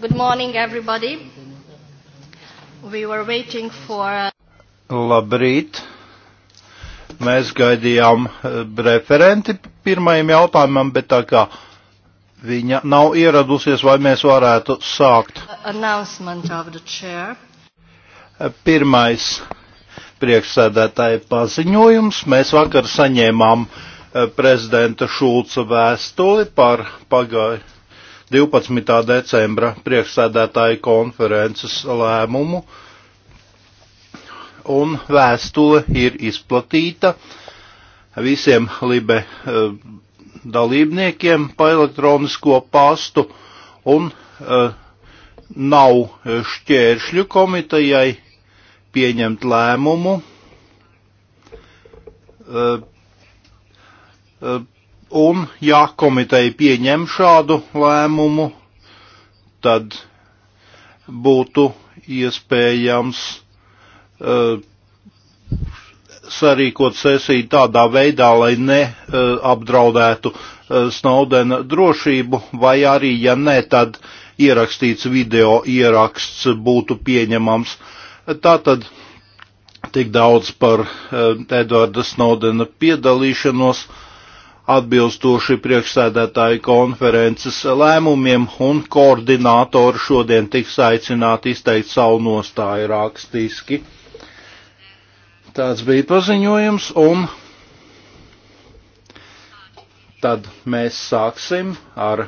Good morning, everybody. We were waiting for. Uh, Labrīt. Mēs gaidījām uh, referenti pirmajam jautājumam, bet tā kā viņa nav ieradusies, vai mēs varētu sākt. Uh, pirmais priekšsēdētāja paziņojums. Mēs vakar saņēmām prezidenta Šulca vēstuli par pagājušajā 12. decembra priekšsēdētāju konferences lēmumu, un vēstule ir izplatīta visiem Libe eh, dalībniekiem pa elektronisko pastu, un eh, nav šķēršļu komitejai pieņemt lēmumu. Uh, uh, Un, ja komiteja pieņem šādu lēmumu, tad būtu iespējams uh, sarīkot sesiju tādā veidā, lai neapdraudētu eh, uh, eh, uh, Snowdena drošību, vai arī, ja ne, tad ierakstīts video ieraksts būtu pieņemams. Tātad tik daudz par Edvarda Snowdena piedalīšanos. Uh, atbilstoši priekšsēdētāju konferences lēmumiem, un koordinātori šodien tiks aicināti izteikt savu nostāju rakstiski. Tāds bija paziņojums, un tad mēs sāksim ar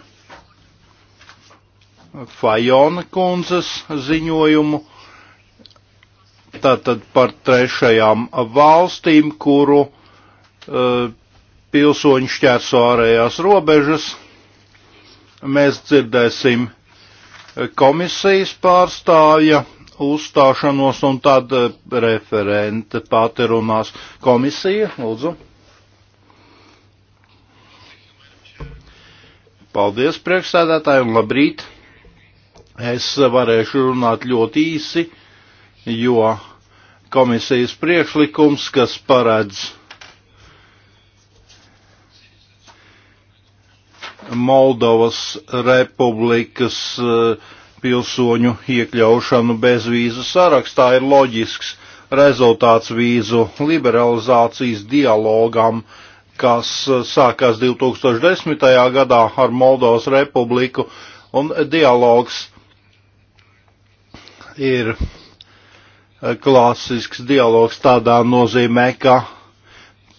Fajona kundzes ziņojumu. Tātad par trešajām valstīm, kuru uh, pilsoņi šķērso ārējās robežas. Mēs dzirdēsim eh, komisijas pārstāvja uzstāšanos un tad eh, referente pati runās komisija. Lūdzu. Paldies priekšsēdētāji un labrīt. Es varēšu runāt ļoti īsi, jo komisijas priekšlikums, kas paredz Moldovas republikas eh, pilsoņu iekļaušanu bezvīzu sarakstā ir loģisks rezultāts vīzu liberalizācijas dialogam, kas eh, sākās 2010. gadā ar Moldovas republiku, un dialogs ir eh, klasisks dialogs tādā nozīmē, ka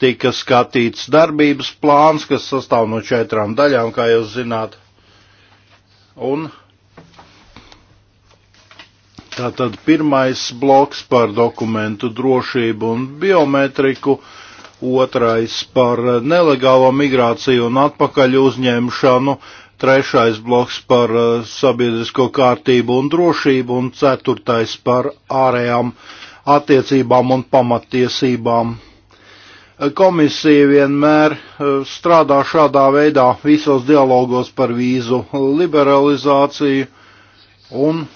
tika skatīts darbības plāns, kas sastāv no četrām daļām, kā jūs zināt. Un tātad pirmais bloks par dokumentu drošību un biometriku, otrais par nelegālo migrāciju un atpakaļ uzņemšanu, trešais bloks par eh, sabiedrisko kārtību un drošību un ceturtais par ārējām attiecībām un pamatiesībām. Komisija vienmēr e, strādā šādā veidā visos dialogos par vīzu liberalizāciju un e,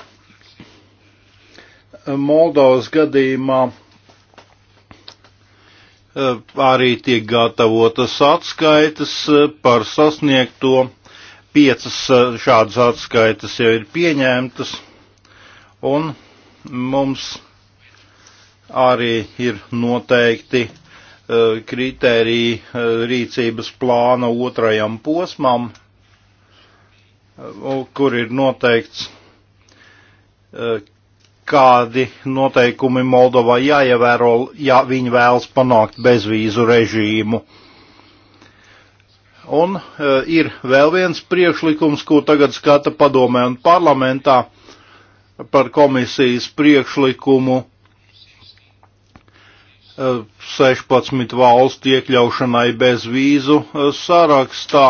Moldovas gadījumā e, arī tiek gatavotas atskaitas par sasniegto. Piecas šādas atskaitas jau ir pieņemtas un mums arī ir noteikti E, kritērija e, rīcības plāna otrajam posmam, e, kur ir noteikts, kādi noteikumi Moldovā jāievēro, ja viņi vēlas panākt bezvīzu režīmu. Un ir vēl viens priekšlikums, ko tagad skata padomē un parlamentā par komisijas priekšlikumu 16 valstu iekļaušanai bez vīzu eh, sarakstā.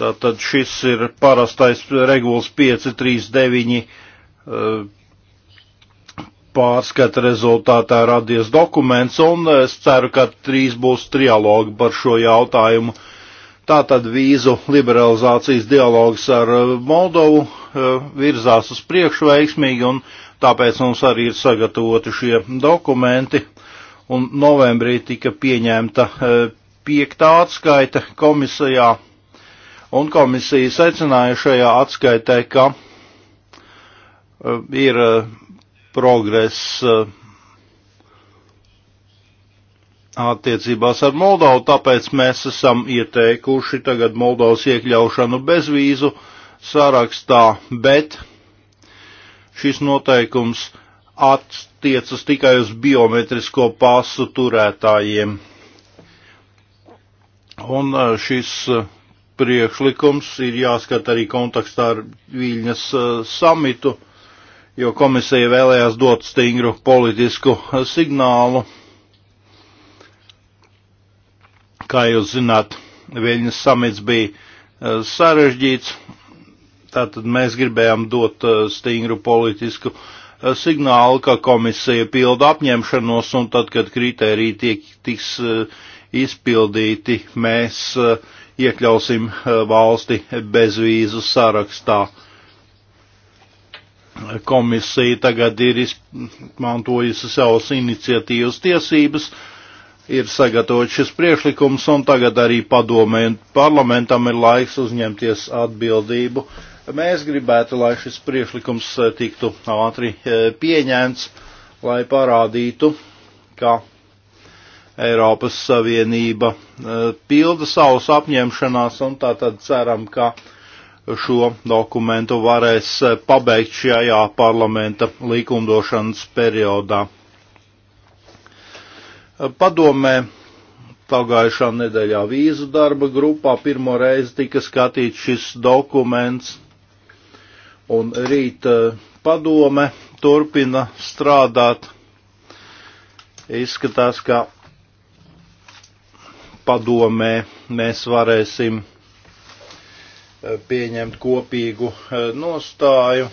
Tātad šis ir parastais regulas 539 eh, pārskata rezultātā radies dokuments, un es ceru, ka trīs būs trialogi par šo jautājumu. Tātad vīzu liberalizācijas dialogs ar Moldovu eh, virzās uz priekšu veiksmīgi, un tāpēc mums arī ir sagatavoti šie dokumenti, un novembrī tika pieņemta e, piektā atskaita komisijā, un komisija secināja šajā atskaitē, ka e, ir e, progress attiecībās ar Moldovu, tāpēc mēs esam ieteikuši tagad Moldovas iekļaušanu bezvīzu sarakstā, bet šis noteikums attiecas tikai uz biometrisko pasu turētājiem. Un e, šis e, priekšlikums ir jāskata arī kontekstā ar Viļņas e, samitu, jo komisija vēlējās dot stingru politisku signālu. Kā jūs zināt, Viļņas samits bija sarežģīts Tātad mēs gribējām dot eh, stingru politisku eh, signālu, ka komisija pilda apņemšanos, un tad, kad kritēriji tiek, tiks eh, izpildīti, mēs iekļausim valsti bezvīzu sarakstā. Komisija tagad ir izmantojusi savas iniciatīvas tiesības, ir sagatavots šis priekšlikums, un tagad arī padomē un parlamentam ir laiks uzņemties atbildību Mēs gribētu, lai šis priešlikums eh, tiktu ātri eh, pieņemts, lai parādītu, ka Eiropas Savienība eh, pilda savus apņemšanās un tā tad ceram, ka šo dokumentu varēs pabeigt šajā parlamenta likumdošanas periodā. Padomē pagājušā nedēļā vīzu darba grupā pirmo reizi tika skatīts šis dokuments un rīt eh, padome turpina strādāt. Izskatās, ka padomē mēs varēsim eh, pieņemt kopīgu eh, nostāju,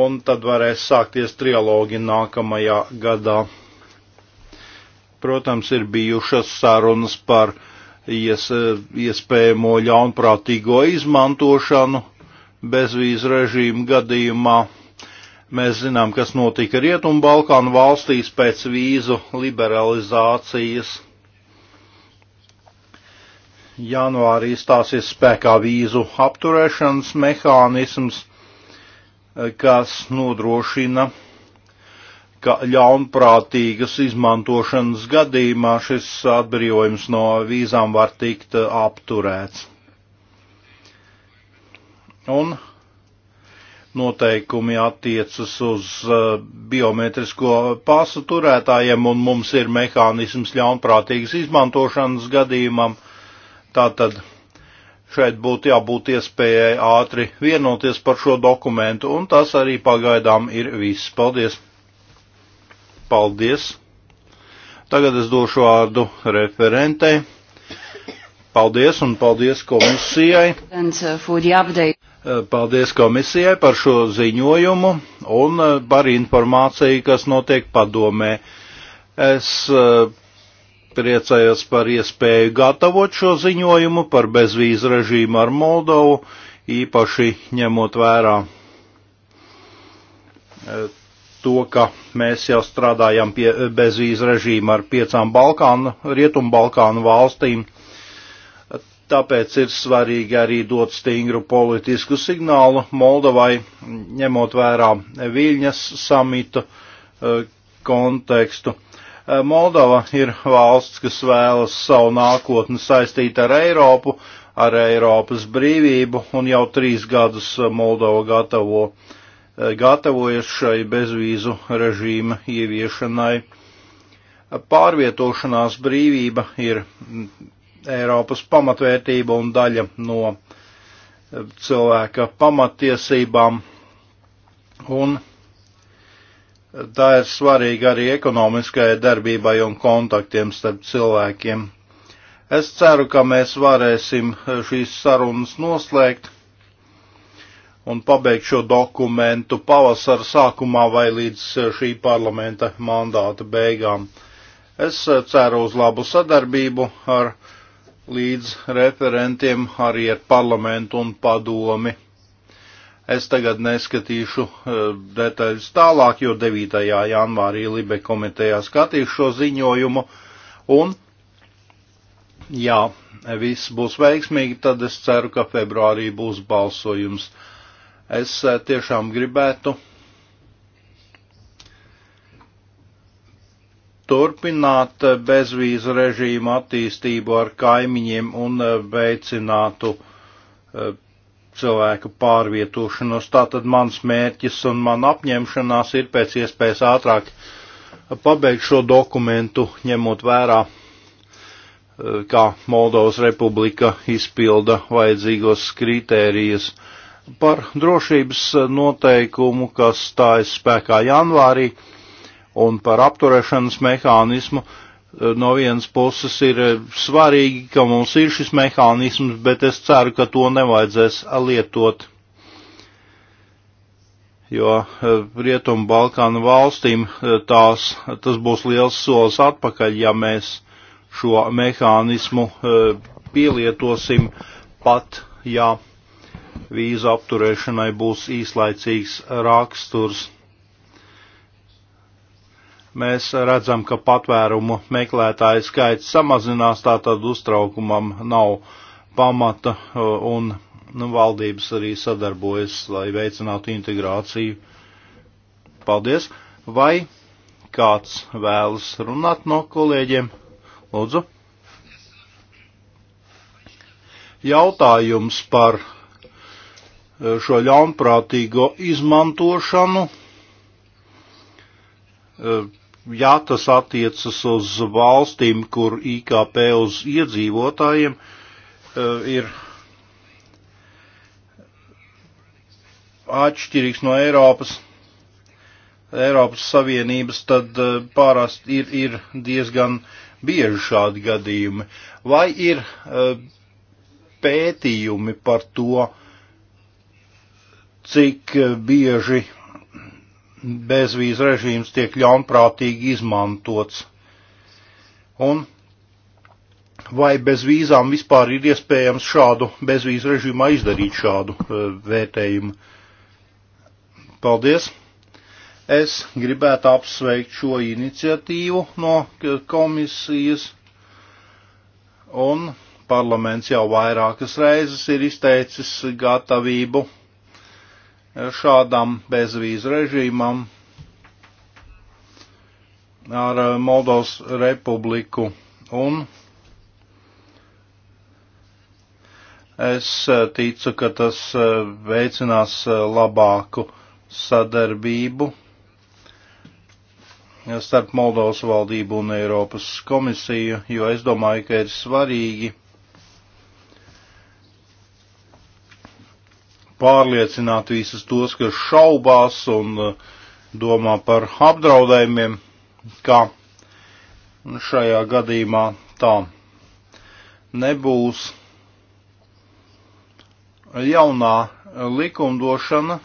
un tad varēs sākties trialogi nākamajā gadā. Protams, ir bijušas sarunas par ies, iespējamo ļaunprātīgo izmantošanu bezvīzu režīmu gadījumā. Mēs zinām, kas notika Rietumu Balkānu valstīs pēc vīzu liberalizācijas. Janvārī stāsies spēkā vīzu apturēšanas mehānisms, eh, kas nodrošina, ka ļaunprātīgas izmantošanas gadījumā šis atbrīvojums no vīzām var tikt eh, apturēts. Un noteikumi attiecas uz uh, biometrisko pasu turētājiem, un mums ir mehānisms ļaunprātīgas izmantošanas gadījumam. Tātad šeit būtu jābūt iespējai ātri vienoties par šo dokumentu, un tas arī pagaidām ir viss. Paldies! Paldies! Tagad es došu vārdu referentei. Paldies un paldies komisijai. Uh, Paldies komisijai par šo ziņojumu un eh, par informāciju, kas notiek padomē. Es eh, priecājos par iespēju gatavot šo ziņojumu par bezvīzu režīmu ar Moldovu, īpaši ņemot vērā eh, to, ka mēs jau strādājam pie bezvīzu režīma ar piecām Balkānu, Rietumbalkānu valstīm Tāpēc ir svarīgi arī dot stingru politisku signālu Moldovai, ņemot vērā Viļņas samitu e, kontekstu. E, Moldova ir valsts, kas vēlas savu nākotni saistīt ar Eiropu, ar Eiropas brīvību, un jau trīs gadus Moldova gatavo, e, gatavojas šai bezvīzu režīma ieviešanai. Pārvietošanās brīvība ir Eiropas pamatvērtība un daļa no eh, cilvēka pamatiesībām. Un eh, tā ir svarīga arī ekonomiskai darbībai un kontaktiem starp cilvēkiem. Es ceru, ka mēs varēsim eh, šīs sarunas noslēgt un pabeigt šo dokumentu pavasara sākumā vai līdz šī parlamenta mandāta beigām. Es ceru uz labu sadarbību ar līdz referentiem arī ar parlamentu un padomi. Es tagad neskatīšu eh, detaļas tālāk, jo 9. janvārī Libe komitejā skatīšu šo ziņojumu. Un, ja viss būs veiksmīgi, tad es ceru, ka februārī būs balsojums. Es eh, tiešām gribētu turpināt bezvīzu režīmu attīstību ar kaimiņiem un e, veicinātu e, cilvēku pārvietošanos. Tātad mans mērķis un man apņemšanās ir pēc iespējas ātrāk pabeigt šo dokumentu, ņemot vērā, e, kā Moldovas republika izpilda vajadzīgos kritērijas par drošības noteikumu, kas stājas spēkā janvārī un par apturēšanas mehānismu. Eh, no vienas puses ir eh, svarīgi, ka mums ir šis mehānisms, bet es ceru, ka to nevajadzēs lietot, jo eh, Rietumu Balkānu valstīm tās, tas būs liels solis atpakaļ, ja mēs šo mehānismu pielietosim pat, ja vīzu apturēšanai būs īslaicīgs raksturs mēs redzam, ka patvērumu meklētāju skaits samazinās, tātad uztraukumam nav pamata uh, un nu, valdības arī sadarbojas, lai veicinātu integrāciju. Paldies! Vai kāds vēlas runāt no kolēģiem? Lūdzu! Jautājums par uh, šo ļaunprātīgo izmantošanu Eh, ja tas attiecas uz valstīm, kur IKP uz iedzīvotājiem eh, ir atšķirīgs no Eiropas, Eiropas Savienības, tad eh, pārāsti ir, ir diezgan bieži šādi gadījumi. Vai ir pētījumi par to, cik bieži bezvīz režīms tiek ļaunprātīgi izmantots. Un vai bez vīzām vispār ir iespējams šādu bezvīz režīmā izdarīt šādu e, vērtējumu? Paldies! Es gribētu apsveikt šo iniciatīvu no komisijas, un parlaments jau vairākas reizes ir izteicis gatavību šādam bezvīzu režīmam ar eh, Moldovas republiku. Un es eh, ticu, ka tas eh, veicinās labāku sadarbību starp Moldovas valdību un Eiropas komisiju, jo es domāju, ka ir svarīgi pārliecināt visus tos, kas šaubās un eh, domā par apdraudējumiem, kā šajā gadījumā tā nebūs. Jaunā likumdošana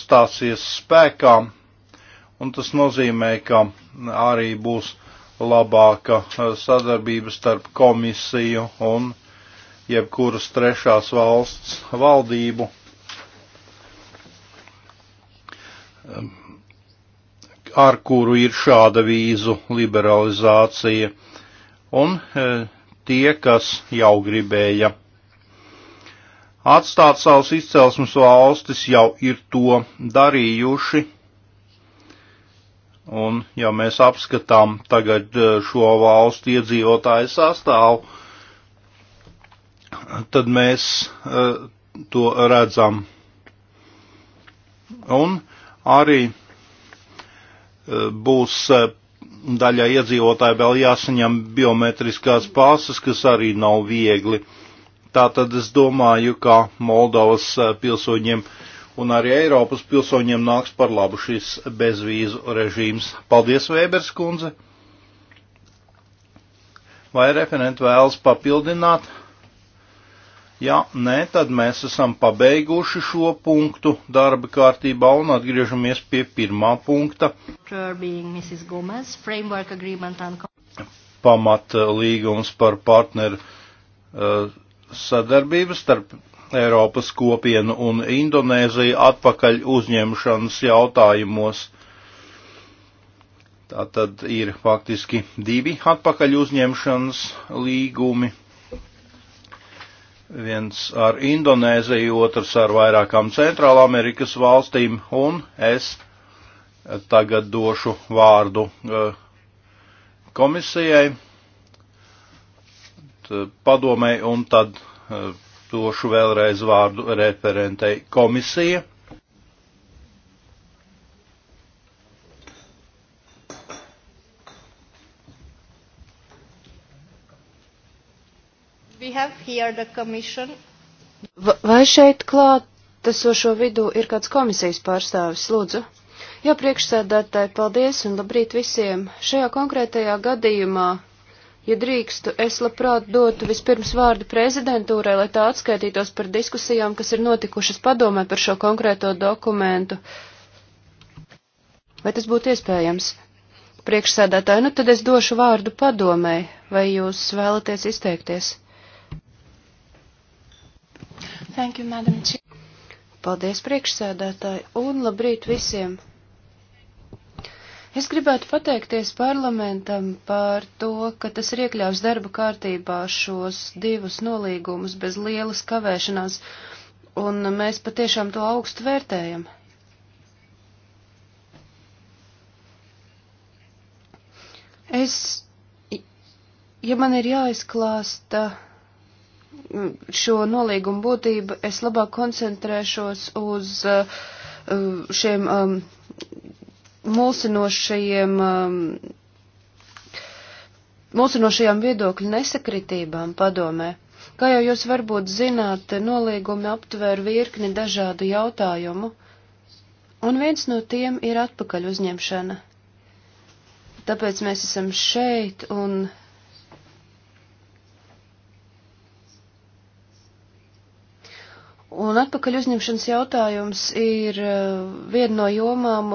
stāsies spēkā, un tas nozīmē, ka arī būs labāka sadarbība starp komisiju un komisiju jebkuras trešās valsts valdību. ar kuru ir šāda vīzu liberalizācija, un e, tie, kas jau gribēja atstāt savus izcelsmes valstis, jau ir to darījuši, un ja mēs apskatām tagad e, šo valstu iedzīvotāju sastāvu, tad mēs e, to redzam. Un arī e, būs e, daļai iedzīvotāji vēl jāsaņem biometriskās pāses, kas arī nav viegli. Tātad es domāju, ka Moldovas pilsoņiem un arī Eiropas pilsoņiem nāks par labu šis bezvīzu režīms. Paldies, Vēbers kundze! Vai referenti vēlas papildināt? Ja nē, tad mēs esam pabeiguši šo punktu darba kārtībā un atgriežamies pie pirmā punkta. Gomez, and... Pamat līgums par partneru uh, sadarbību starp Eiropas kopienu un Indonēziju atpakaļ uzņemšanas jautājumos. Tā tad ir faktiski divi atpakaļ uzņemšanas līgumi viens ar Indonēziju, otrs ar vairākām Centrālamerikas valstīm, un es tagad došu vārdu e, komisijai, padomei, un tad e, došu vēlreiz vārdu referentei komisija. Vai šeit klātesošo vidū ir kāds komisijas pārstāvis, lūdzu? Jā, priekšsēdētāji, paldies un labrīt visiem. Šajā konkrētajā gadījumā, ja drīkstu, es labprāt dotu vispirms vārdu prezidentūrai, lai tā atskaitītos par diskusijām, kas ir notikušas padomē par šo konkrēto dokumentu. Vai tas būtu iespējams? Priekšsēdētāji, nu tad es došu vārdu padomē, vai jūs vēlaties izteikties? Thank you, Madam Chair. Paldies priekšsēdētāji un labrīt visiem! Es gribētu pateikties parlamentam par to, ka tas ir iekļauts darba kārtībā šos divus nolīgumus bez lielas kavēšanās, un mēs patiešām to augstu vērtējam. Es, ja man ir jāizklāsta. Uh, šo nolīgumu būtību, es labāk koncentrēšos uz uh, šiem um, mulsinošajiem, um, mulsinošajām viedokļu nesakritībām padomē. Kā jau jūs varbūt zināt, nolīgumi aptver virkni dažādu jautājumu, un viens no tiem ir atpakaļ uzņemšana. Tāpēc mēs esam šeit un Un atpakaļ uzņemšanas jautājums ir eh, viena no jomām,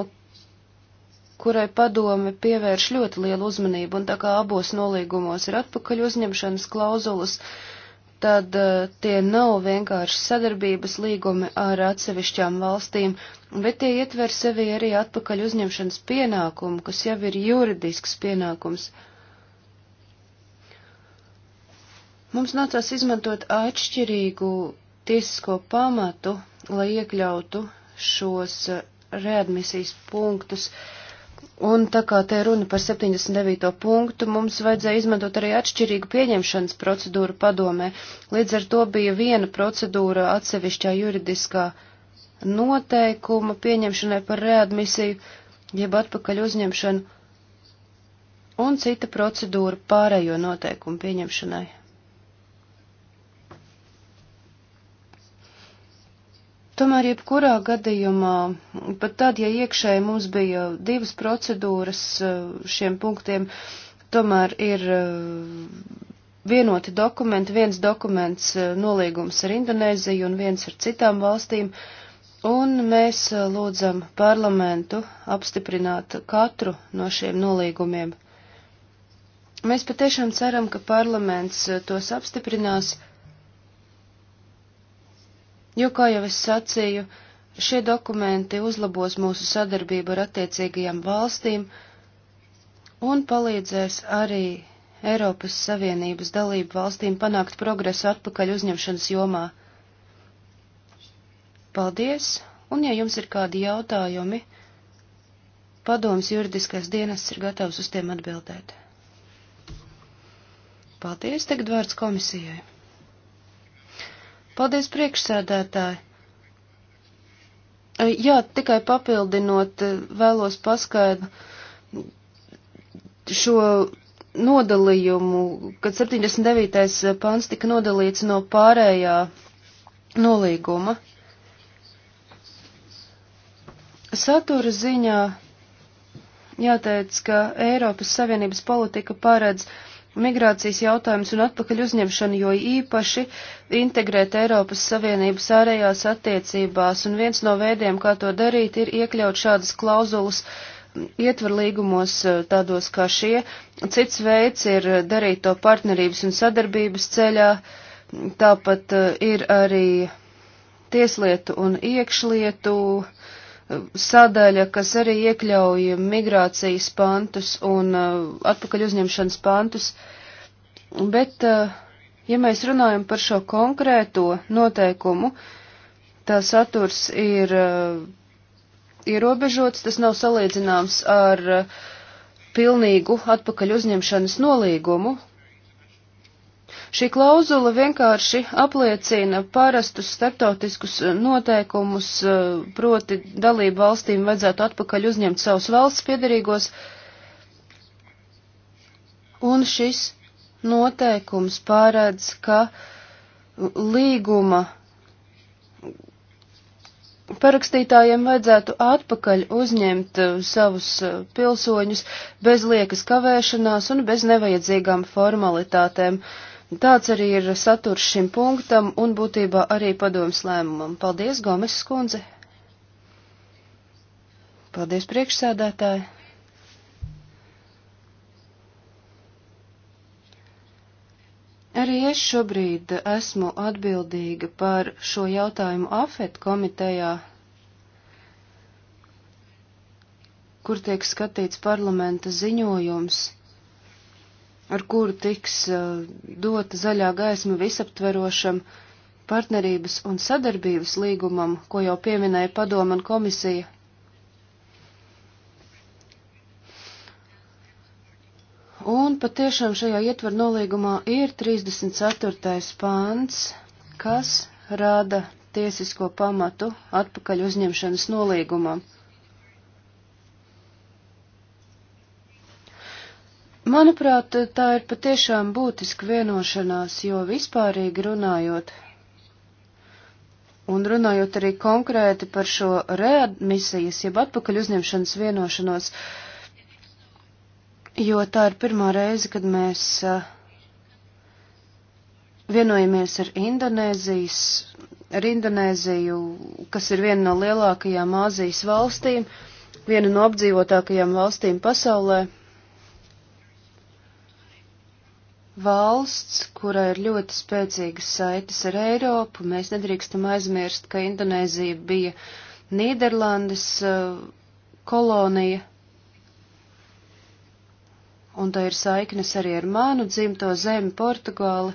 kurai padome pievērš ļoti lielu uzmanību, un tā kā abos nolīgumos ir atpakaļ uzņemšanas klauzulas, tad uh, tie nav vienkārši sadarbības līgumi ar atsevišķām valstīm, bet tie ietver sevi arī atpakaļ uzņemšanas pienākumu, kas jau ir juridisks pienākums. Mums nācās izmantot atšķirīgu tiesisko pamatu, lai iekļautu šos eh, readmisijas punktus. Un tā kā te runa par 79. punktu, mums vajadzēja izmantot arī atšķirīgu pieņemšanas procedūru padomē. Līdz ar to bija viena procedūra atsevišķā juridiskā noteikuma pieņemšanai par readmisiju, jeb atpakaļ uzņemšanu, un cita procedūra pārējo noteikumu pieņemšanai. Tomēr, jebkurā gadījumā, pat tad, ja iekšēji mums bija divas procedūras eh, šiem punktiem, tomēr ir eh, vienoti dokumenti, viens dokuments eh, nolīgums ar Indonēziju un viens ar citām valstīm, un mēs lūdzam parlamentu apstiprināt katru no šiem nolīgumiem. Mēs patiešām ceram, ka parlaments tos apstiprinās, jo, kā jau es sacīju, šie dokumenti uzlabos mūsu sadarbību ar attiecīgajām valstīm un palīdzēs arī Eiropas Savienības dalību valstīm panākt progresu atpakaļ uzņemšanas jomā. Paldies, un ja jums ir kādi jautājumi, padoms juridiskais dienests ir gatavs uz tiem atbildēt. Paldies, tagad vārds komisijai. Paldies, priekšsēdētāji! Jā, tikai papildinot, vēlos paskaidrot šo nodalījumu, kad 79. pāns tika nodalīts no pārējā nolīguma. Satura ziņā jāteic, ka Eiropas Savienības politika paredz migrācijas jautājums un atpakaļ uzņemšanu, jo īpaši integrēt Eiropas Savienības ārējās attiecībās, un viens no veidiem, kā to darīt, ir iekļaut šādas klauzulas ietvarlīgumos eh, tādos kā šie. Cits veids ir darīt to partnerības un sadarbības ceļā, tāpat eh, ir arī tieslietu un iekšlietu uh, sadaļa, kas arī iekļauj migrācijas pantus un uh, atpakaļ uzņemšanas pantus, bet, uh, ja mēs runājam par šo konkrēto noteikumu, tā saturs ir uh, ierobežots, tas nav salīdzināms ar pilnīgu atpakaļ uzņemšanas nolīgumu, Šī klauzula vienkārši apliecina parastus starptautiskus eh, noteikumus, eh, proti dalību valstīm vajadzētu atpakaļ uzņemt savus valsts piedarīgos, un šis noteikums pārēdz, ka līguma parakstītājiem vajadzētu atpakaļ uzņemt eh, savus pilsoņus bez liekas kavēšanās un bez nevajadzīgām formalitātēm. Uh, Tāds arī ir saturs šim punktam un būtībā arī padomas lēmumam. Paldies, Gomes skundze! Paldies, priekšsēdētāji! Arī es šobrīd esmu atbildīga par šo jautājumu AFET komitejā, kur tiek skatīts parlamenta ziņojums ar kuru tiks eh, dota zaļā gaisma visaptverošam partnerības un sadarbības līgumam, ko jau pieminēja padoma un komisija. Un patiešām šajā ietver nolīgumā ir 34. pāns, kas rada tiesisko pamatu atpakaļ uzņemšanas nolīgumam. Manuprāt, tā ir patiešām būtiska vienošanās, jo vispārīgi runājot, un runājot arī konkrēti par šo readmisijas, jeb atpakaļ uzņemšanas vienošanos, jo tā ir pirmā reize, kad mēs eh, vienojamies ar Indonēzijas, ar Indonēziju, kas ir viena no lielākajām Āzijas valstīm, viena no apdzīvotākajām valstīm pasaulē. valsts, kurai ir ļoti spēcīgas saites ar Eiropu. Mēs nedrīkstam aizmirst, ka Indonēzija bija Nīderlandes eh, kolonija, un tā ir saiknes arī ar manu dzimto zemi Portugāli.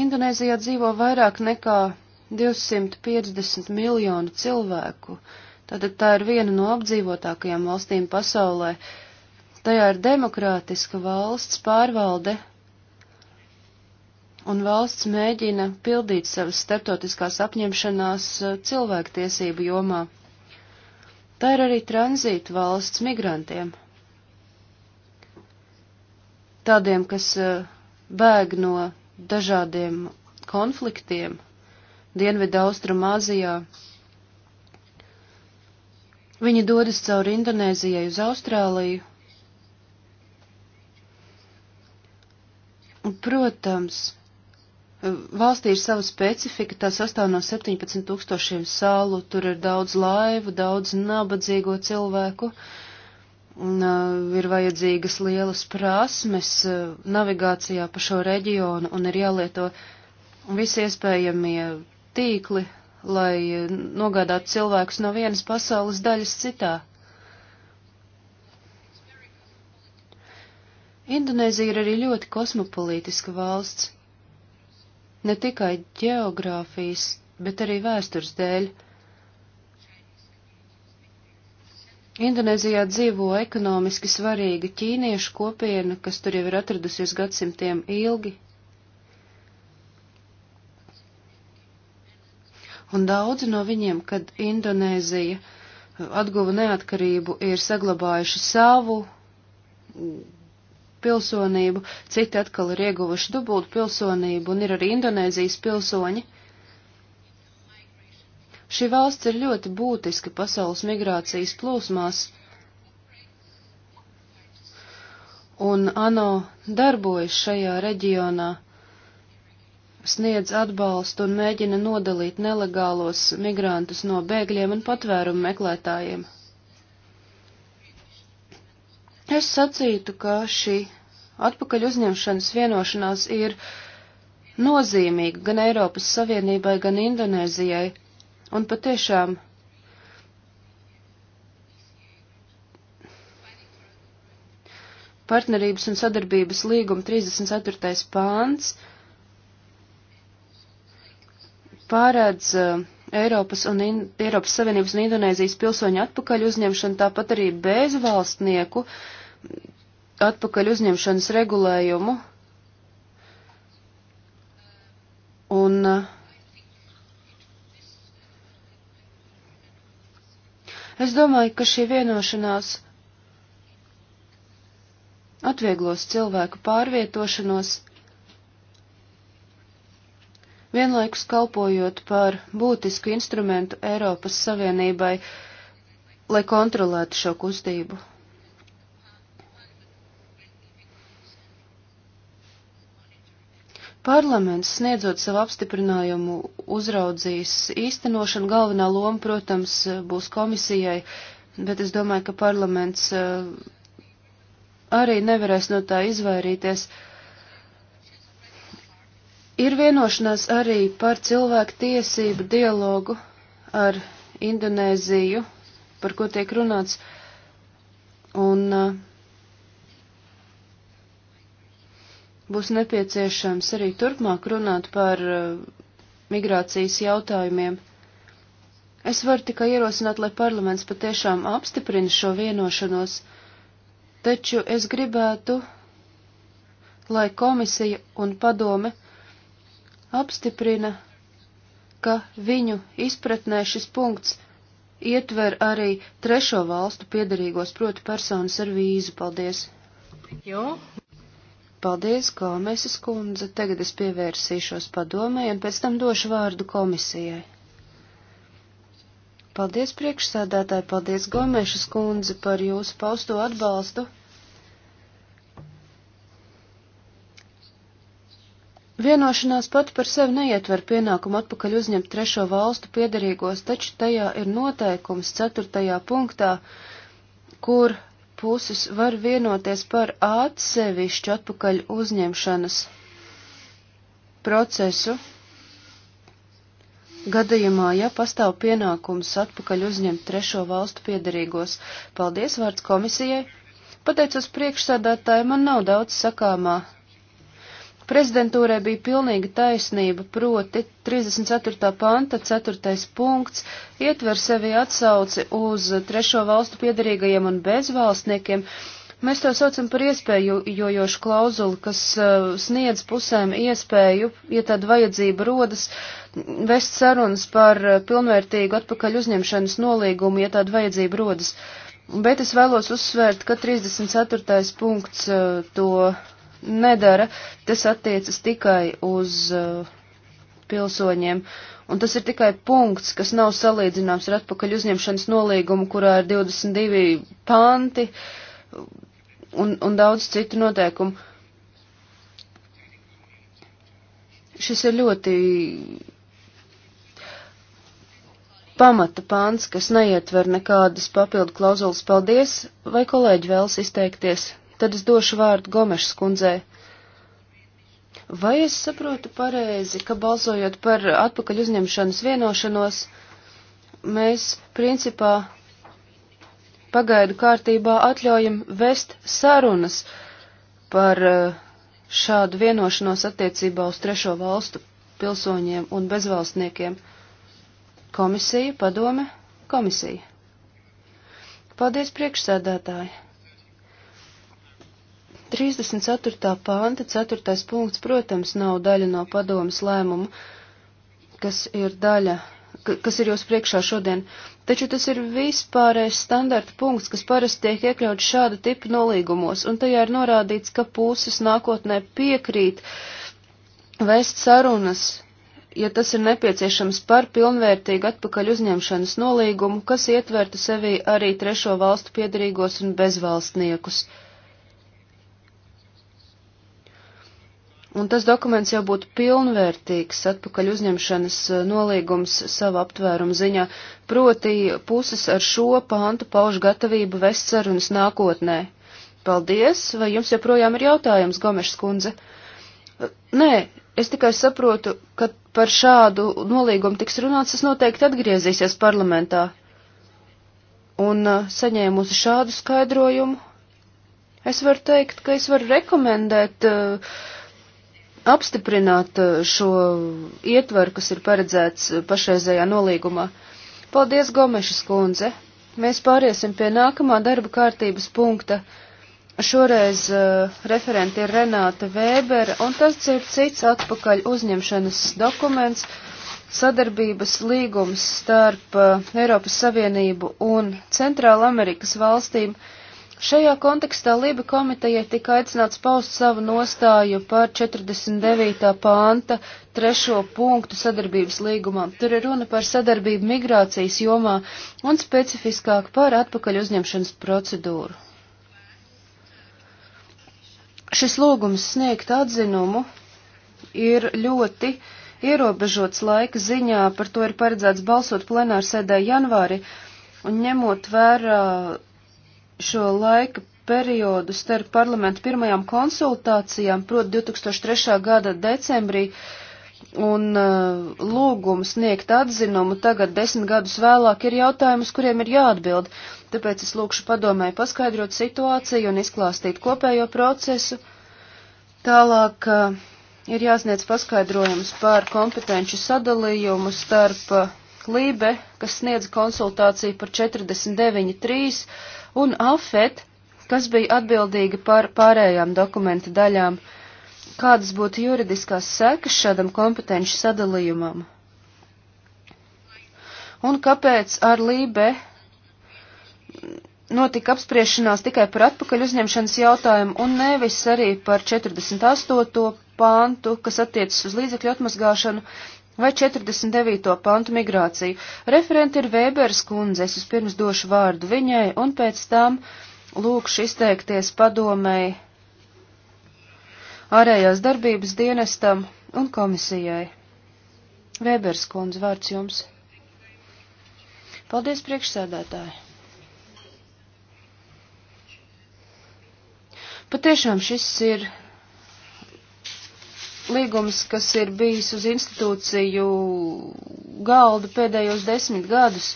Indonēzijā dzīvo vairāk nekā 250 miljonu cilvēku. Uh, Tātad tā ir viena no apdzīvotākajām valstīm pasaulē. Tajā ir demokrātiska valsts pārvalde, un valsts mēģina pildīt savas starptautiskās apņemšanās eh, cilvēktiesību jomā. Tā ir arī tranzīta valsts migrantiem. Tādiem, kas eh, bēg no dažādiem konfliktiem Dienvidu Austrumāzijā, Viņi dodas cauri Indonēzijai uz Austrāliju. Protams, valstī ir sava specifika, tā sastāv no 17 tūkstošiem salu, tur ir daudz laivu, daudz nabadzīgo cilvēku, un, uh, ir vajadzīgas lielas prasmes uh, navigācijā pa šo reģionu, un ir jālieto visi iespējamie tīkli, lai nogādātu cilvēkus no vienas pasaules daļas citā. Indonēzija ir arī ļoti kosmopolītiska valsts, ne tikai geogrāfijas, bet arī vēstures dēļ. Indonēzijā dzīvo ekonomiski svarīga ķīniešu kopiena, kas tur jau ir atradusies gadsimtiem ilgi, un daudzi no viņiem, kad Indonēzija uh, atguva neatkarību, ir saglabājuši savu mm, pilsonību, citi atkal ir ieguvuši dubultu pilsonību, un ir arī Indonēzijas pilsoņi. Šī valsts ir ļoti būtiska pasaules migrācijas plūsmās, un ANO darbojas šajā reģionā sniedz atbalstu un mēģina nodalīt nelegālos migrantus no bēgļiem un patvērumu meklētājiem. Es sacītu, ka šī atpakaļ uzņemšanas vienošanās ir nozīmīga gan Eiropas Savienībai, gan Indonēzijai, un patiešām partnerības un sadarbības līguma 34. pāns – pārēdz eh, Eiropas, un in, Eiropas Savienības un Indonēzijas pilsoņu atpakaļ uzņemšanu, tāpat arī bezvalstnieku atpakaļ uzņemšanas regulējumu. Un eh, es domāju, ka šī vienošanās atvieglos cilvēku pārvietošanos vienlaikus kalpojot par būtisku instrumentu Eiropas Savienībai, lai kontrolētu šo kustību. Parlaments, sniedzot savu apstiprinājumu, uzraudzīs īstenošanu. Galvenā loma, protams, būs komisijai, bet es domāju, ka parlaments eh, arī nevarēs no tā izvairīties. Uh, Ir vienošanās arī par cilvēku tiesību dialogu ar Indonēziju, par ko tiek runāts. Un uh, būs nepieciešams arī turpmāk runāt par uh, migrācijas jautājumiem. Es varu tikai ierosināt, lai parlaments patiešām apstiprina šo vienošanos, taču es gribētu, lai komisija un padome apstiprina, ka viņu izpratnē šis punkts ietver arī trešo valstu piedarīgos, proti personas ar vīzu. Paldies! Jo. Paldies, Gomesas kundze. Tagad es pievērsīšos padomē un pēc tam došu vārdu komisijai. Paldies, priekšsēdētāji, paldies, Gomešas kundze, par jūsu pausto atbalstu. Vienošanās pati par sevi neietver pienākumu atpakaļ uzņemt trešo valstu piedarīgos, taču tajā ir noteikums ceturtajā punktā, kur puses var vienoties par atsevišķu atpakaļ uzņemšanas procesu. Gadījumā, ja pastāv pienākums atpakaļ uzņemt trešo valstu piedarīgos, paldies vārds komisijai. Pateicos priekšsādātāji, man nav daudz sakāmā. Prezidentūrai bija pilnīga taisnība, proti 34. panta 4. punkts ietver sevi atsauci uz trešo valstu piedarīgajiem un bezvalstniekiem. Mēs to saucam par iespēju jojošu klauzuli, kas uh, sniedz pusēm iespēju, ja tāda vajadzība rodas, vest sarunas par eh, pilnvērtīgu atpakaļ uzņemšanas nolīgumu, ja tāda vajadzība rodas. Bet es vēlos uzsvērt, ka 34. punkts uh, to nedara, tas attiecas tikai uz uh, pilsoņiem. Un tas ir tikai punkts, kas nav salīdzināms ar atpakaļ uzņemšanas nolīgumu, kurā ir 22 panti uh, un, un daudz citu noteikumu. Šis ir ļoti pamata pāns, kas neietver nekādas papildu klauzulas. Paldies, vai kolēģi vēlas izteikties? Tad es došu vārdu Gomešas kundzei. Vai es saprotu pareizi, ka balsojot par atpakaļ uzņemšanas vienošanos, mēs principā pagaidu kārtībā atļaujam vest sarunas par eh, šādu vienošanos attiecībā uz trešo valstu pilsoņiem un bezvalstniekiem. Komisija, padome, komisija. Paldies priekšsēdētāji! 34. pānta 4. punkts, protams, nav daļa no padomas lēmumu, kas ir daļa, kas ir jūs priekšā šodien, taču tas ir vispārējais standarta punkts, kas parasti tiek iekļauts šāda tipa nolīgumos, un tajā ir norādīts, ka puses nākotnē piekrīt vēst sarunas, ja tas ir nepieciešams par pilnvērtīgu atpakaļ uzņemšanas nolīgumu, kas ietvertu sevī arī trešo valstu piedarīgos un bezvalstniekus. Un tas dokuments jau būtu pilnvērtīgs atpakaļ uzņemšanas eh, nolīgums savu aptvērumu ziņā, proti puses ar šo pāntu pauž gatavību vest sarunas nākotnē. Paldies, vai jums joprojām ir jautājums, Gomešs kundze? Eh, nē, es tikai saprotu, ka par šādu nolīgumu tiks runāts, tas noteikti atgriezīsies parlamentā. Un eh, saņēmusi šādu skaidrojumu, es varu teikt, ka es varu rekomendēt uh, apstiprināt uh, šo ietvaru, kas ir paredzēts uh, pašreizējā nolīgumā. Paldies, Gomešas kundze! Mēs pāriesim pie nākamā darba kārtības punkta. Šoreiz uh, referenti ir Renāta Vēbera, un tas ir cits atpakaļ uzņemšanas dokuments - sadarbības līgums starp uh, Eiropas Savienību un Centrāla Amerikas valstīm. Uh, Šajā kontekstā Lība komiteja tika aicināts paust savu nostāju par 49. pānta trešo punktu sadarbības līgumā. Tur ir runa par sadarbību migrācijas jomā un specifiskāk par atpakaļ uzņemšanas procedūru. Šis lūgums sniegt atzinumu ir ļoti ierobežots laika ziņā, par to ir paredzēts balsot plenārsēdē janvāri, un ņemot vērā uh, šo laika periodu starp parlamentu pirmajām konsultācijām, proti 2003. gada decembrī, un uh, lūgums sniegt atzinumu tagad desmit gadus vēlāk ir jautājums, kuriem ir jāatbild. Tāpēc es lūkšu padomēju paskaidrot situāciju un izklāstīt kopējo procesu. Tālāk uh, ir jāsniedz paskaidrojums par kompetenci sadalījumu starp uh, Libe, kas sniedza konsultāciju par 49.3, un Afet, kas bija atbildīga par pārējām dokumenta daļām. Kādas būtu juridiskās sekas šādam kompetenci sadalījumam? Un kāpēc ar Lībe notika apspriešanās tikai par atpakaļ uzņemšanas jautājumu un nevis arī par 48. pāntu, kas attiecas uz līdzekļu atmazgāšanu, vai 49. pantu migrāciju. Referenti ir Vēbers kundze, es vispirms došu vārdu viņai, un pēc tam lūkšu izteikties padomēji ārējās darbības dienestam un komisijai. Vēbers kundze, vārds jums. Paldies, priekšsēdētāji. Patiešām šis ir līgums, kas ir bijis uz institūciju galdu pēdējos desmit gadus.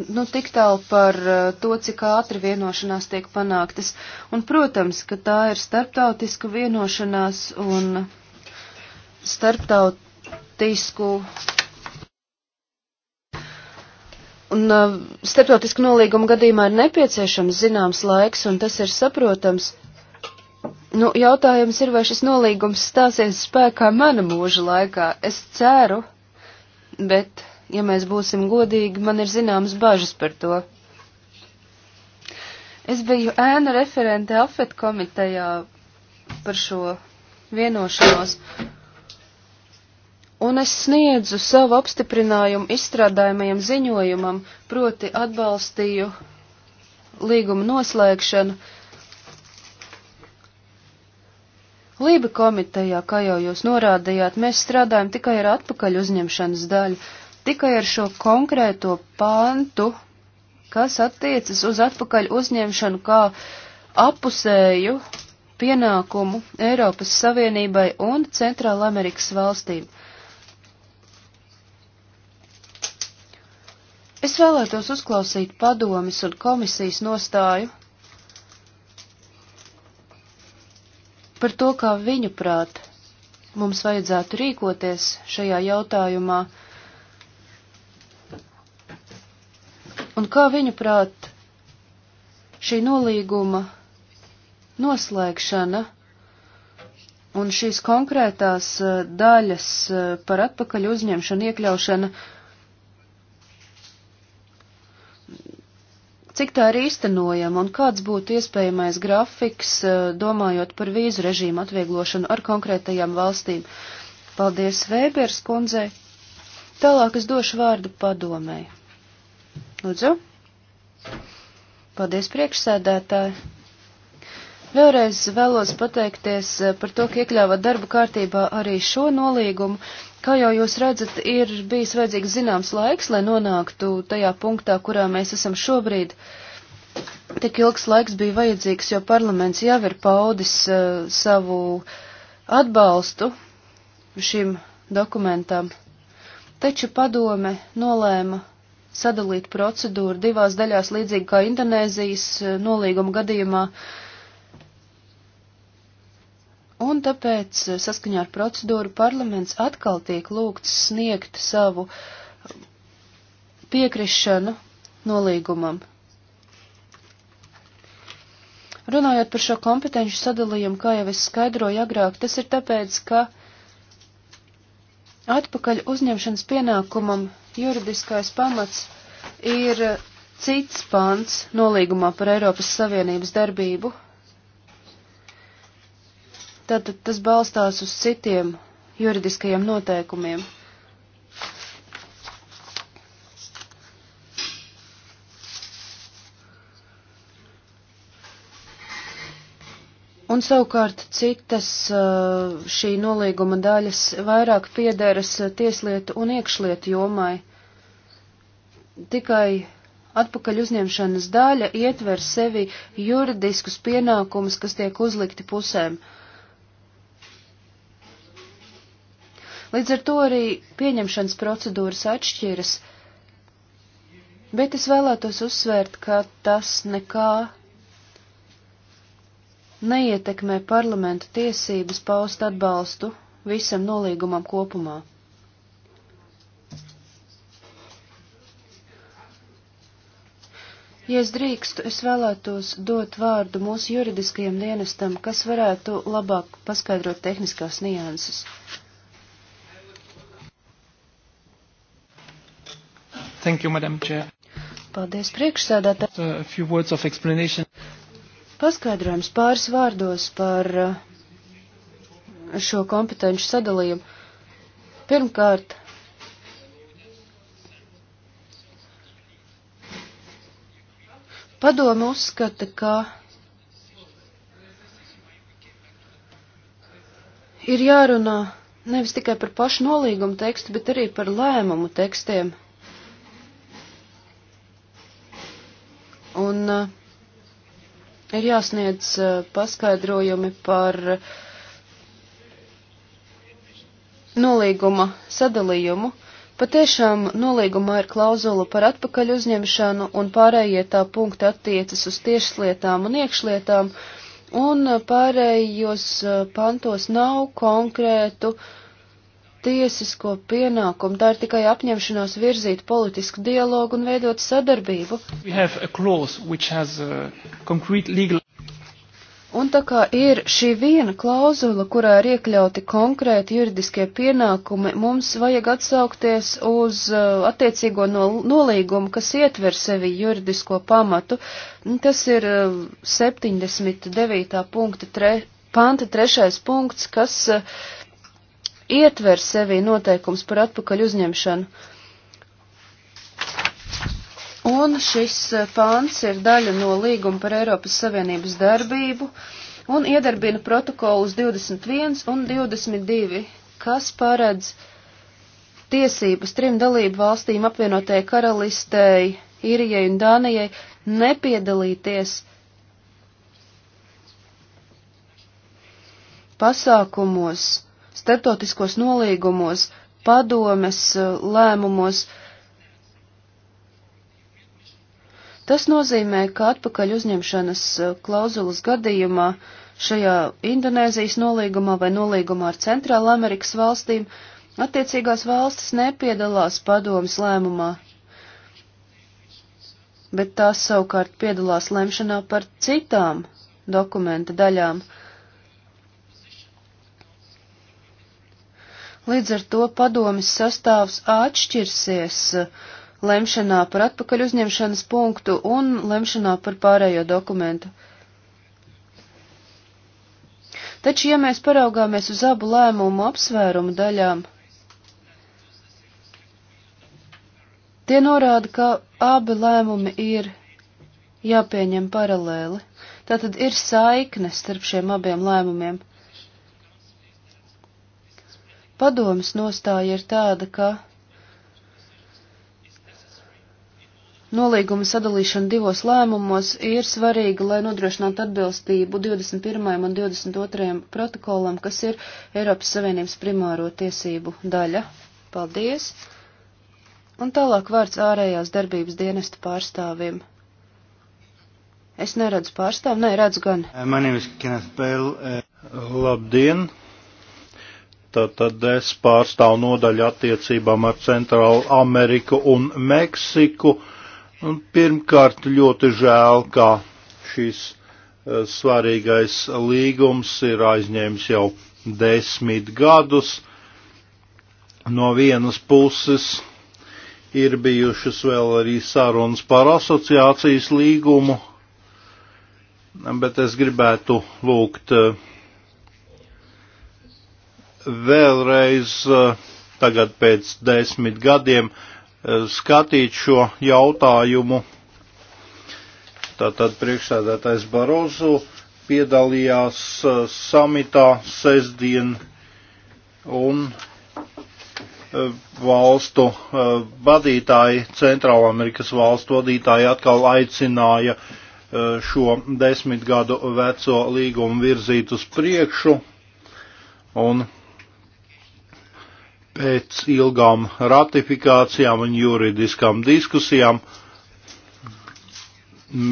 Nu, tik tālu par uh, to, cik ātri vienošanās tiek panāktas. Un, protams, ka tā ir starptautiska vienošanās un starptautisku Un uh, starptautisku nolīgumu gadījumā ir nepieciešams zināms laiks, un tas ir saprotams. Nu, jautājums ir, vai šis nolīgums stāsies spēkā mana mūža laikā. Es ceru, bet, ja mēs būsim godīgi, man ir zināmas bažas par to. Es biju ēna referente Afet komitejā par šo vienošanos, un es sniedzu savu apstiprinājumu izstrādājumajam ziņojumam, proti atbalstīju līguma noslēgšanu Lība komitejā, kā jau jūs norādījāt, mēs strādājam tikai ar atpakaļ uzņemšanas daļu, tikai ar šo konkrēto pantu, kas attiecas uz atpakaļ uzņemšanu kā apusēju pienākumu Eiropas Savienībai un Centrāla Amerikas valstīm. Es vēlētos uzklausīt padomis un komisijas nostāju par to, kā viņu prāt mums vajadzētu rīkoties šajā jautājumā, un kā viņu prāt šī nolīguma noslēgšana un šīs konkrētās eh, daļas eh, par atpakaļ uzņemšanu iekļaušana Cik tā ir īstenojama un kāds būtu iespējamais grafiks, eh, domājot par vīzu režīmu atvieglošanu ar konkrētajām valstīm? Paldies Vēbers kundzei. Tālāk es došu vārdu padomēji. Lūdzu. Paldies priekšsēdētāji. Vēlreiz vēlos pateikties eh, par to, ka iekļāvāt darba kārtībā arī šo nolīgumu. Kā jau jūs redzat, ir bijis vajadzīgs zināms laiks, lai nonāktu tajā punktā, kurā mēs esam šobrīd. Tik ilgs laiks bija vajadzīgs, jo parlaments jau ir paudis uh, savu atbalstu šim dokumentam. Taču padome nolēma sadalīt procedūru divās daļās, līdzīgi kā Indonēzijas eh, nolīguma gadījumā. Uh, un tāpēc eh, saskaņā ar procedūru parlaments atkal tiek lūgts sniegt savu eh, piekrišanu nolīgumam. Runājot par šo kompetenci sadalījumu, kā jau es skaidroju agrāk, tas ir tāpēc, ka atpakaļ uzņemšanas pienākumam juridiskais pamats ir cits pants nolīgumā par Eiropas Savienības darbību, Tātad tas balstās uz citiem juridiskajiem noteikumiem. Un savukārt citas uh, šī nolīguma daļas vairāk piederas tieslietu un iekšlietu jomai. Tikai atpakaļ uzņemšanas daļa ietver sevi juridiskus pienākumus, kas tiek uzlikti pusēm. Uh, Līdz ar to arī pieņemšanas procedūras atšķiras, bet es vēlētos uzsvērt, ka tas nekā neietekmē parlamentu tiesības paust atbalstu visam nolīgumam kopumā. Ja es drīkstu, es vēlētos dot vārdu mūsu juridiskajam dienestam, kas varētu labāk paskaidrot tehniskās nianses. Thank you, Madam Chair. Paldies, priekšsēdētāji. Paskaidrojums pāris vārdos par uh, šo kompetenci sadalījumu. Pirmkārt, padomu uzskata, ka ir jārunā nevis tikai par pašu nolīgumu tekstu, bet arī par lēmumu tekstiem. un eh, ir jāsniedz eh, paskaidrojumi par eh, nolīguma sadalījumu. Patiešām nolīgumā ir klauzula par atpakaļ uzņemšanu, un pārējie tā punkti attiecas uz tiešlietām un iekšlietām, un pārējos pantos nav konkrētu uh, tiesisko pienākumu, tā ir tikai apņemšanās virzīt politisku dialogu un veidot sadarbību. Uh, legal... Un tā kā ir šī viena klauzula, kurā ir iekļauti konkrēti juridiskie pienākumi, mums vajag atsaukties uz uh, attiecīgo nolīgumu, kas ietver sevi juridisko pamatu. Tas ir 79. Uh, punkta tre, panta trešais punkts, kas ietver sevī noteikums par atpakaļ uzņemšanu. Un šis eh, pāns ir daļa no līguma par Eiropas Savienības darbību un iedarbina protokolus 21 un 22, kas paredz tiesības trim dalību valstīm apvienotajai karalistei, Irijai un Dānijai nepiedalīties pasākumos, starptautiskos nolīgumos, padomes eh, lēmumos. Tas nozīmē, ka atpakaļ uzņemšanas eh, klauzulas gadījumā šajā Indonēzijas nolīgumā vai nolīgumā ar Centrāla Amerikas valstīm attiecīgās valstis nepiedalās padomas lēmumā, bet tās savukārt piedalās lemšanā par citām dokumenta daļām. Līdz ar to padomis sastāvs atšķirsies lemšanā par atpakaļ uzņemšanas punktu un lemšanā par pārējo dokumentu. Taču, ja mēs paraugāmies uz abu lēmumu apsvērumu daļām, Tie norāda, ka abi lēmumi ir jāpieņem paralēli. Tātad ir saikne starp šiem abiem lēmumiem. Padomas nostāja ir tāda, ka Nolīguma sadalīšana divos lēmumos ir svarīga, lai nodrošinātu atbilstību 21. un 22. protokolam, kas ir Eiropas Savienības primāro tiesību daļa. Paldies! Un tālāk vārds ārējās darbības dienesta pārstāvim. Es neredzu pārstāvu, nē, redzu gan. Uh, Mani ir Kenneth Bell. Uh, Labdien! Tad es pārstāvu nodaļu attiecībām ar Centrālu Ameriku un Meksiku. Un pirmkārt, ļoti žēl, ka šis eh, svarīgais līgums ir aizņēmis jau desmit gadus. No vienas puses ir bijušas vēl arī sarunas par asociācijas līgumu, bet es gribētu lūgt uh, vēlreiz eh, tagad pēc desmit gadiem eh, skatīt šo jautājumu. Tātad priekšsēdētājs Barozu piedalījās eh, samitā sestdien un valstu vadītāji, Centrālamerikas valstu vadītāji atkal aicināja šo desmit gadu veco līgumu virzīt uz priekšu, un Pēc ilgām ratifikācijām un juridiskām diskusijām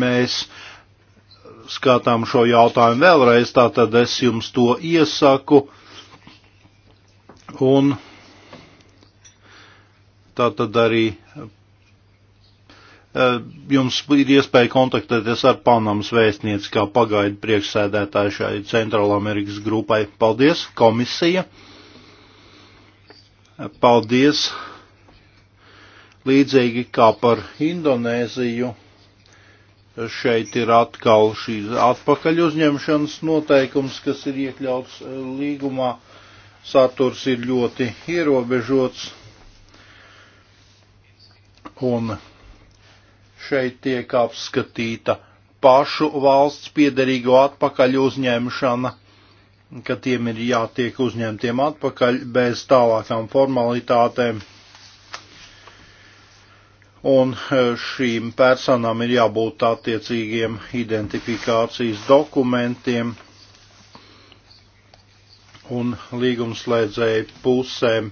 mēs skatām šo jautājumu vēlreiz, tātad es jums to iesaku. Un tātad arī e, jums ir iespēja kontaktēties ar Panamas vēstnieci kā pagaidu priekšsēdētāju šai Centrālamerikas grupai. Paldies, komisija! Paldies! Līdzīgi kā par Indonēziju, šeit ir atkal šīs atpakaļ uzņemšanas noteikums, kas ir iekļauts e, līgumā. Saturs ir ļoti ierobežots. Un šeit tiek apskatīta pašu valsts piederīgo atpakaļ uzņemšana ka tiem ir jātiek uzņemtiem atpakaļ bez tālākām formalitātēm. Un e, šīm personām ir jābūt attiecīgiem identifikācijas dokumentiem un līgumslēdzēju pusēm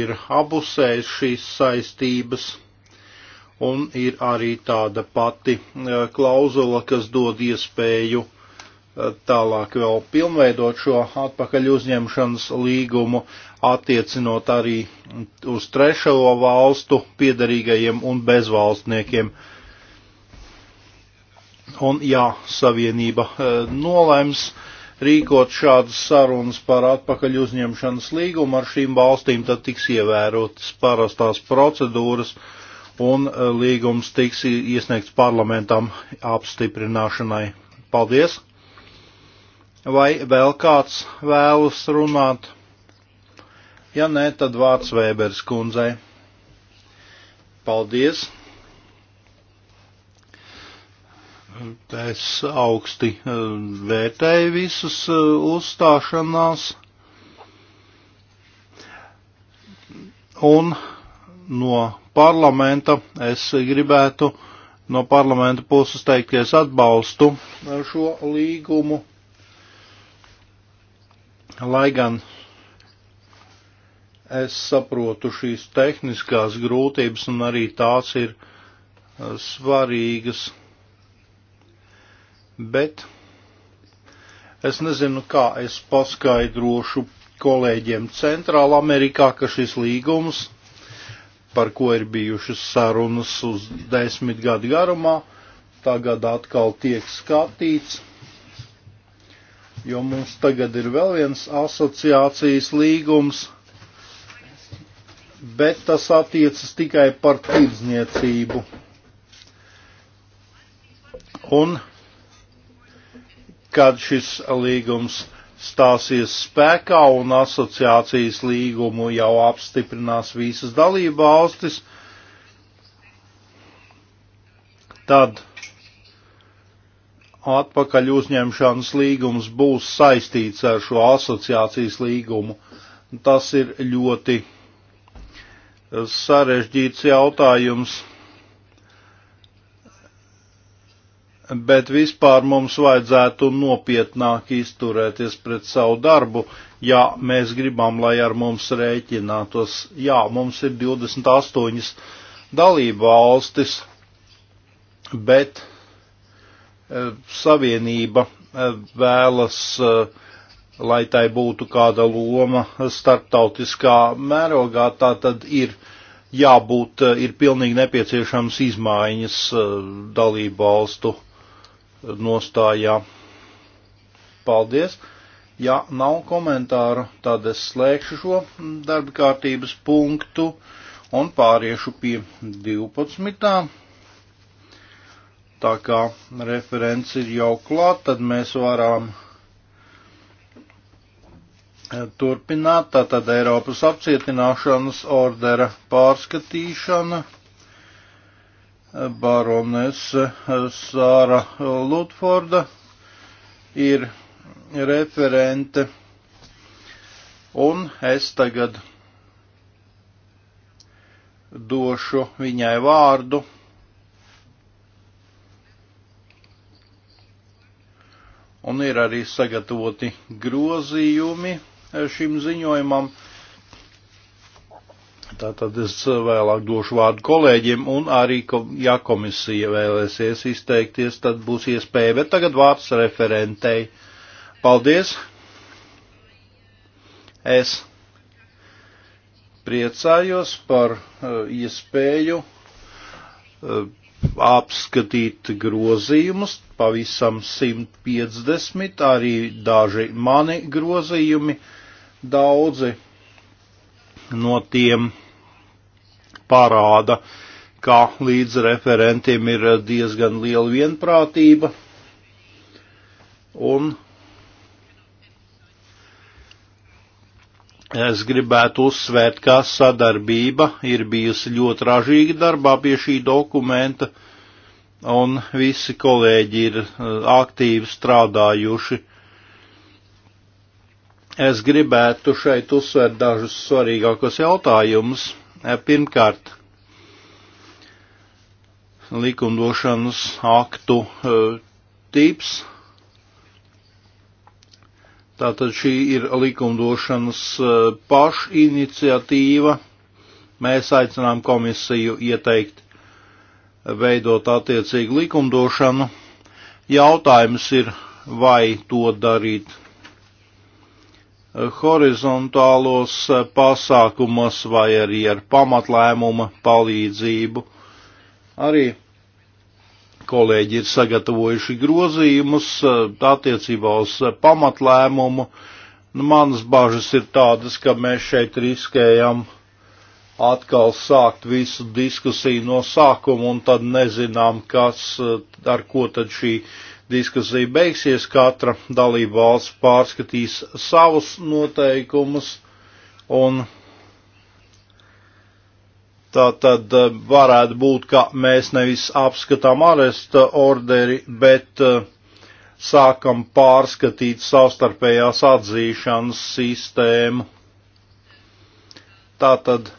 ir abusējis šīs saistības, un ir arī tāda pati e, klauzula, kas dod iespēju Eh, tālāk vēl pilnveidot šo atpakaļ uzņemšanas līgumu, attiecinot arī uz trešo valstu piedarīgajiem un bezvalstniekiem. Un jā, Savienība eh, nolēms rīkot šādas sarunas par atpakaļ uzņemšanas līgumu ar šīm valstīm, tad tiks ievērotas parastās procedūras un eh, līgums tiks iesniegts parlamentam apstiprināšanai. Paldies! Vai vēl kāds vēlas runāt? Ja nē, tad vārds Vēberis kundzei. Paldies! Es augsti eh, vērtēju visus eh, uzstāšanās un no parlamenta es gribētu no parlamenta puses teikties atbalstu šo līgumu Lai gan es saprotu šīs tehniskās grūtības un arī tās ir eh, svarīgas, bet es nezinu, kā es paskaidrošu kolēģiem Centrāla Amerikā, ka šis līgums, par ko ir bijušas sarunas uz desmit gadu garumā, tagad atkal tiek skatīts jo mums tagad ir vēl viens asociācijas līgums, bet tas attiecas tikai par tirdzniecību. Un kad šis līgums stāsies spēkā un asociācijas līgumu jau apstiprinās visas dalība valstis, tad atpakaļ uzņemšanas līgums būs saistīts ar šo asociācijas līgumu. Tas ir ļoti eh, sarežģīts jautājums, bet vispār mums vajadzētu nopietnāk izturēties pret savu darbu, ja mēs gribam, lai ar mums rēķinātos. Jā, mums ir 28 dalība valstis, bet Eh, savienība eh, vēlas, eh, lai tai būtu kāda loma starptautiskā mērogā, tā tad ir jābūt, ir pilnīgi nepieciešams izmaiņas dalību valstu nostājā. Paldies! Ja nav komentāru, tad es slēgšu šo darba kārtības punktu un pāriešu pie 12. Tā kā referents ir jau klāt, tad mēs varam eh, turpināt. Tātad Eiropas apcietināšanas ordera pārskatīšana. Eh, Baronese eh, Sāra Lutforda ir referente. Un es tagad došu viņai vārdu un ir arī sagatavoti grozījumi e, šim ziņojumam. Tātad es vēlāk došu vārdu kolēģiem, un arī, ja komisija vēlēsies izteikties, tad būs iespēja, bet tagad vārds referentei. Paldies! Es priecājos par uh, iespēju uh, apskatīt grozījumus, pavisam 150, arī daži mani grozījumi, daudzi no tiem parāda, ka līdz referentiem ir diezgan liela vienprātība, un Es gribētu uzsvērt, ka sadarbība ir bijusi ļoti ražīga darbā pie šī dokumenta, un visi kolēģi ir e, aktīvi strādājuši. Es gribētu šeit uzsvērt dažus svarīgākos jautājumus. E, pirmkārt, likumdošanas aktu e, tīps Tātad šī ir likumdošanas e, pašiniciatīva. Mēs aicinām komisiju ieteikt veidot attiecīgu likumdošanu. Jautājums ir, vai to darīt horizontālos pasākumos vai arī ar pamatlēmuma palīdzību. Arī kolēģi ir sagatavojuši grozījumus e, attiecībā uz e, pamatlēmumu. Nu, manas bažas ir tādas, ka mēs šeit riskējam atkal sākt visu diskusiju no sākuma un tad nezinām, kas, e, ar ko tad šī diskusija beigsies. Katra dalība valsts pārskatīs savus noteikumus un Tā tad eh, varētu būt, ka mēs nevis apskatām aresta orderi, bet eh, sākam pārskatīt savstarpējās atzīšanas sistēmu. Tā tad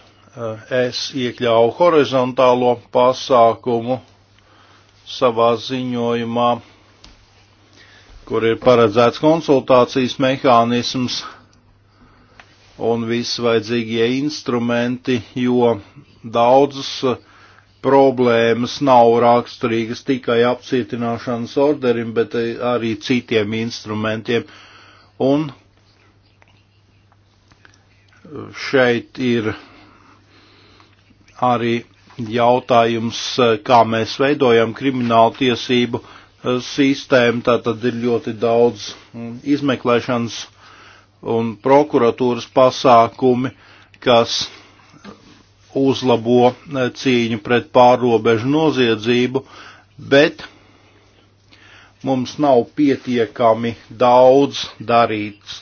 eh, es iekļauju horizontālo pasākumu savā ziņojumā, kur ir paredzēts konsultācijas mehānisms un visvajadzīgie instrumenti, jo daudzas uh, problēmas nav raksturīgas tikai apcietināšanas orderim, bet uh, arī citiem instrumentiem. Un šeit ir arī jautājums, uh, kā mēs veidojam kriminālu tiesību sistēmu. Tā tad ir ļoti daudz mm, izmeklēšanas un prokuratūras pasākumi, kas uzlabo eh, cīņu pret pārobežu noziedzību, bet mums nav pietiekami daudz darīts,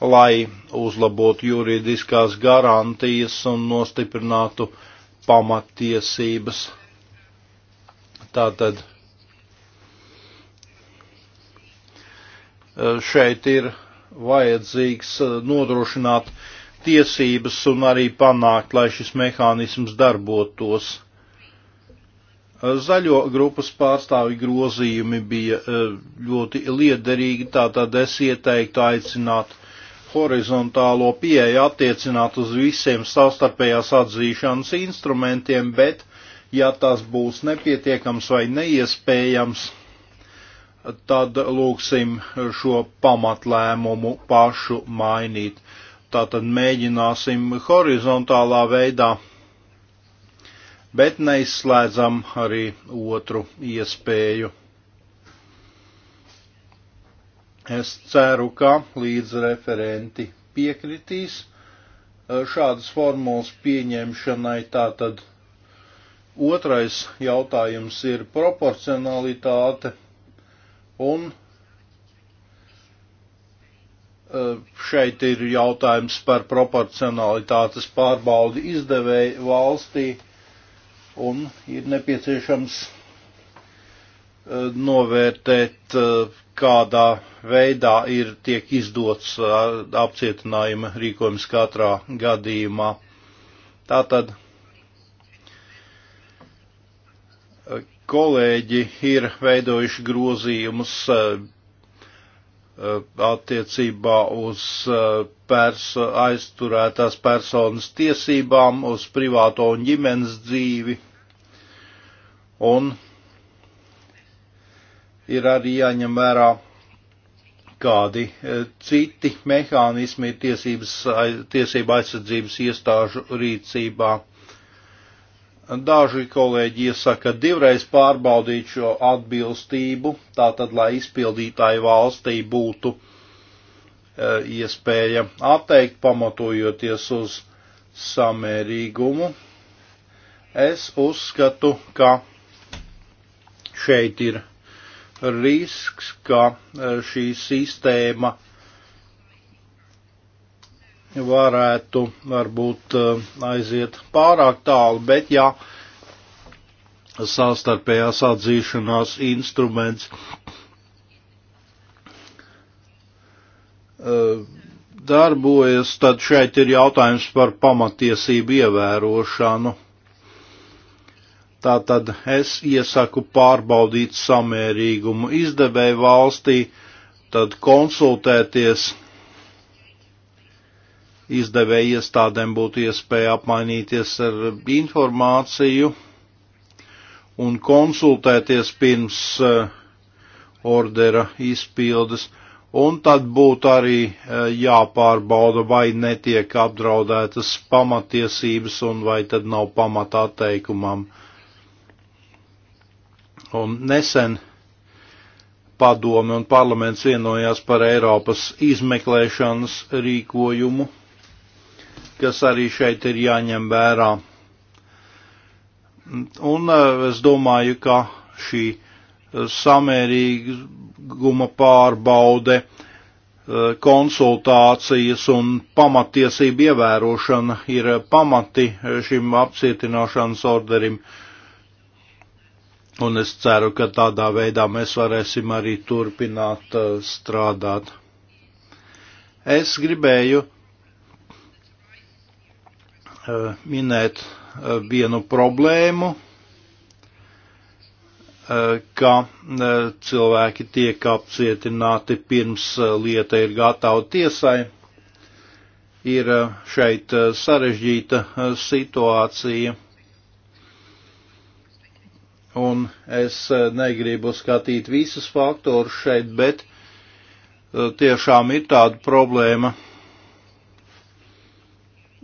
lai uzlabotu juridiskās garantijas un nostiprinātu pamatiesības. Tātad eh, šeit ir vajadzīgs eh, nodrošināt tiesības un arī panākt, lai šis mehānisms darbotos. Eh, zaļo grupas pārstāvi grozījumi bija eh, ļoti liederīgi, tātad es ieteiktu aicināt horizontālo pieeju attiecināt uz visiem savstarpējās atzīšanas instrumentiem, bet, ja tas būs nepietiekams vai neiespējams, tad lūksim šo pamatlēmumu pašu mainīt. Tātad mēģināsim horizontālā veidā, bet neizslēdzam arī otru iespēju. Es ceru, ka līdz referenti piekritīs eh, šādas formulas pieņemšanai. Tātad otrais jautājums ir proporcionalitāte Un e, šeit ir jautājums par proporcionalitātes pārbaudi izdevēju valstī un ir nepieciešams e, novērtēt, e, kādā veidā ir tiek izdots apcietinājuma rīkojums katrā gadījumā. Tātad kolēģi ir veidojuši grozījumus eh, eh, attiecībā uz eh, perso, aizturētās personas tiesībām, uz privāto un ģimenes dzīvi. Un ir arī jāņem vērā, kādi citi mehānismi ir tiesības, tiesība aizsardzības iestāžu rīcībā Daži kolēģi iesaka divreiz pārbaudīt šo atbilstību, tātad, lai izpildītāji valstī būtu e, iespēja atteikt, pamatojoties uz samērīgumu. Es uzskatu, ka šeit ir risks, ka e, šī sistēma varētu varbūt eh, aiziet pārāk tālu, bet ja savstarpējās atzīšanās instruments eh, darbojas, tad šeit ir jautājums par pamatiesību ievērošanu. Tātad es iesaku pārbaudīt samērīgumu izdevēju valstī, tad konsultēties izdevēja iestādēm būtu iespēja apmainīties ar informāciju un konsultēties pirms eh, ordera izpildes, un tad būtu arī eh, jāpārbauda, vai netiek apdraudētas pamatiesības un vai tad nav pamatā teikumam. Un nesen padome un parlaments vienojās par Eiropas izmeklēšanas rīkojumu kas arī šeit ir jāņem vērā. Un eh, es domāju, ka šī eh, samērīguma pārbaude, eh, konsultācijas un pamatiesību ievērošana ir pamati šim apcietināšanas orderim. Un es ceru, ka tādā veidā mēs varēsim arī turpināt strādāt. Es gribēju uh, Eh, minēt eh, vienu problēmu, eh, ka cilvēki tiek apcietināti pirms lieta ir gatava tiesai. Ir šeit sarežģīta situācija. Un es negribu skatīt visus faktorus šeit, bet tiešām ir tāda problēma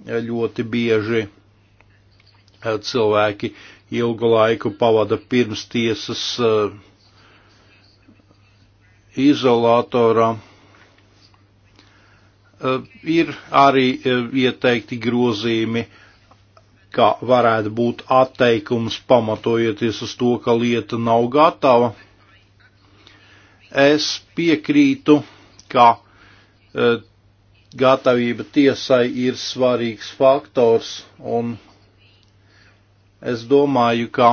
ļoti bieži eh, cilvēki ilgu laiku pavada pirms tiesas eh, izolatorā. Eh, ir arī ieteikti grozījumi, kā varētu būt atteikums pamatojoties uz to, ka lieta nav gatava. Es piekrītu, ka gatavība tiesai ir svarīgs faktors, un es domāju, ka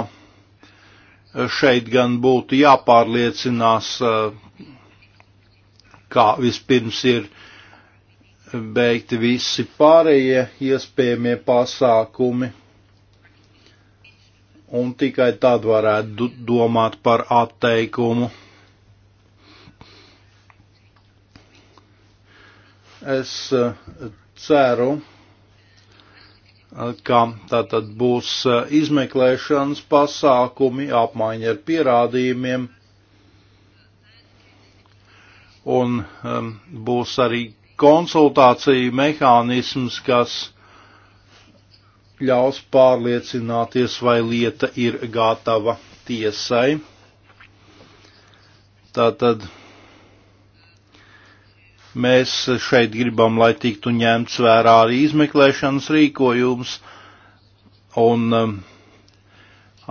šeit gan būtu jāpārliecinās, eh, kā vispirms ir beigti visi pārējie iespējamie pasākumi, un tikai tad varētu domāt par atteikumu. Es e, ceru, ka tātad būs e, izmeklēšanas pasākumi, apmaiņa ar pierādījumiem un um, būs arī konsultāciju mehānisms, kas ļaus pārliecināties, vai lieta ir gatava tiesai. Tātad Mēs šeit gribam, lai tiktu ņemts vērā arī izmeklēšanas rīkojums un um,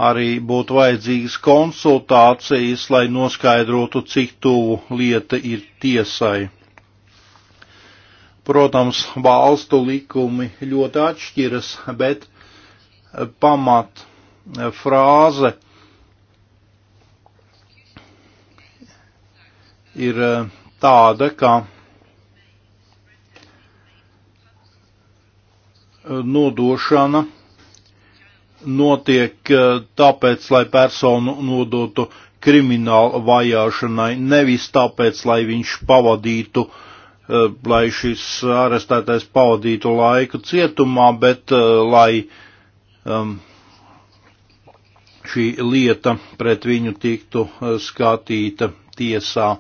arī būtu vajadzīgas konsultācijas, lai noskaidrotu, cik tuvu lieta ir tiesai. Protams, valstu likumi ļoti atšķiras, bet eh, pamat eh, frāze ir eh, tāda, ka nodošana notiek eh, tāpēc, lai personu nodotu krimināla vajāšanai, nevis tāpēc, lai viņš pavadītu, eh, lai šis arestētais pavadītu laiku cietumā, bet eh, lai um, šī lieta pret viņu tiktu skatīta tiesā.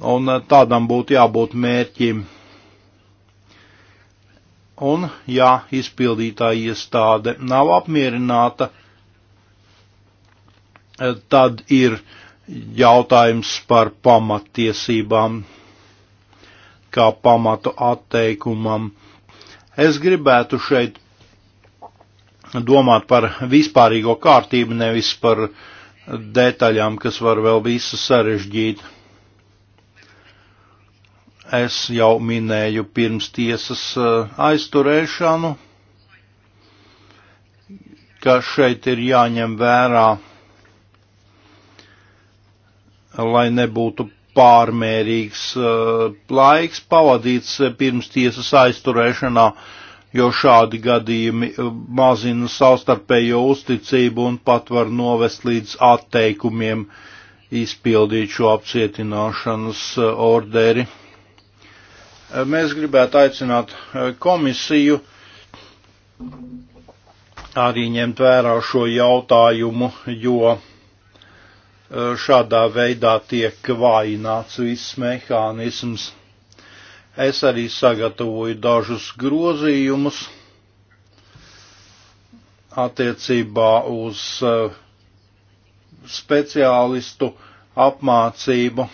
Un tādam būtu jābūt mērķim un ja izpildītāja iestāde nav apmierināta, tad ir jautājums par pamatiesībām, kā pamatu atteikumam. Es gribētu šeit domāt par vispārīgo kārtību, nevis par detaļām, kas var vēl visu sarežģīt. Es jau minēju pirms tiesas eh, aizturēšanu, ka šeit ir jāņem vērā, lai nebūtu pārmērīgs eh, laiks pavadīts eh, pirms tiesas aizturēšanā, jo šādi gadījumi mazina savstarpējo uzticību un pat var novest līdz atteikumiem izpildīt šo apcietināšanas orderi. Eh, mēs gribētu aicināt eh, komisiju arī ņemt vērā šo jautājumu, jo eh, šādā veidā tiek vājināts viss mehānisms. Es arī sagatavoju dažus grozījumus attiecībā uz speciālistu apmācību.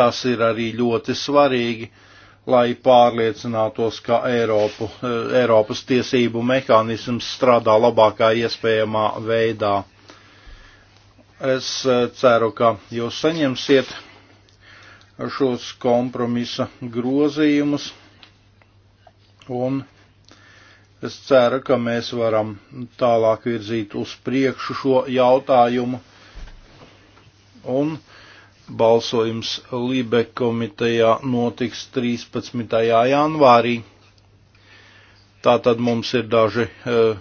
Tas ir arī ļoti svarīgi lai pārliecinātos, ka Eiropu, eh, Eiropas tiesību mehānisms strādā labākā iespējamā veidā. Es eh, ceru, ka jūs saņemsiet šos kompromisa grozījumus un es ceru, ka mēs varam tālāk virzīt uz priekšu šo jautājumu. Un Balsojums Lībe komitejā notiks 13. janvārī. Tātad mums ir daži eh,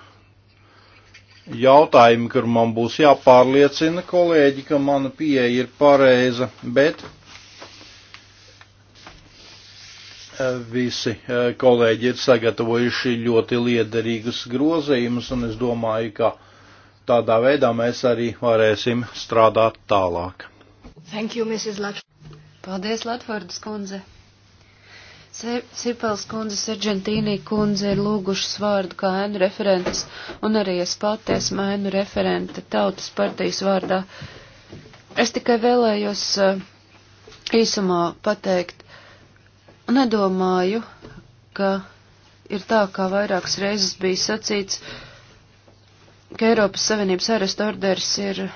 jautājumi, kur man būs jāpārliecina kolēģi, ka mana pieeja ir pareiza, bet eh, visi eh, kolēģi ir sagatavojuši ļoti liederīgus grozījumus, un es domāju, ka tādā veidā mēs arī varēsim strādāt tālāk. Thank you, Mrs. Latford. Paldies, Latfordas kundze. Sirpels kundze, Sergentīnī kundze ir lūgušas vārdu kā ēnu referentes, un arī es pati esmu ēnu referente tautas partijas vārdā. Es tikai vēlējos eh, īsumā pateikt, nedomāju, ka ir tā, kā vairākas reizes bija sacīts, ka Eiropas Savienības arestu orders ir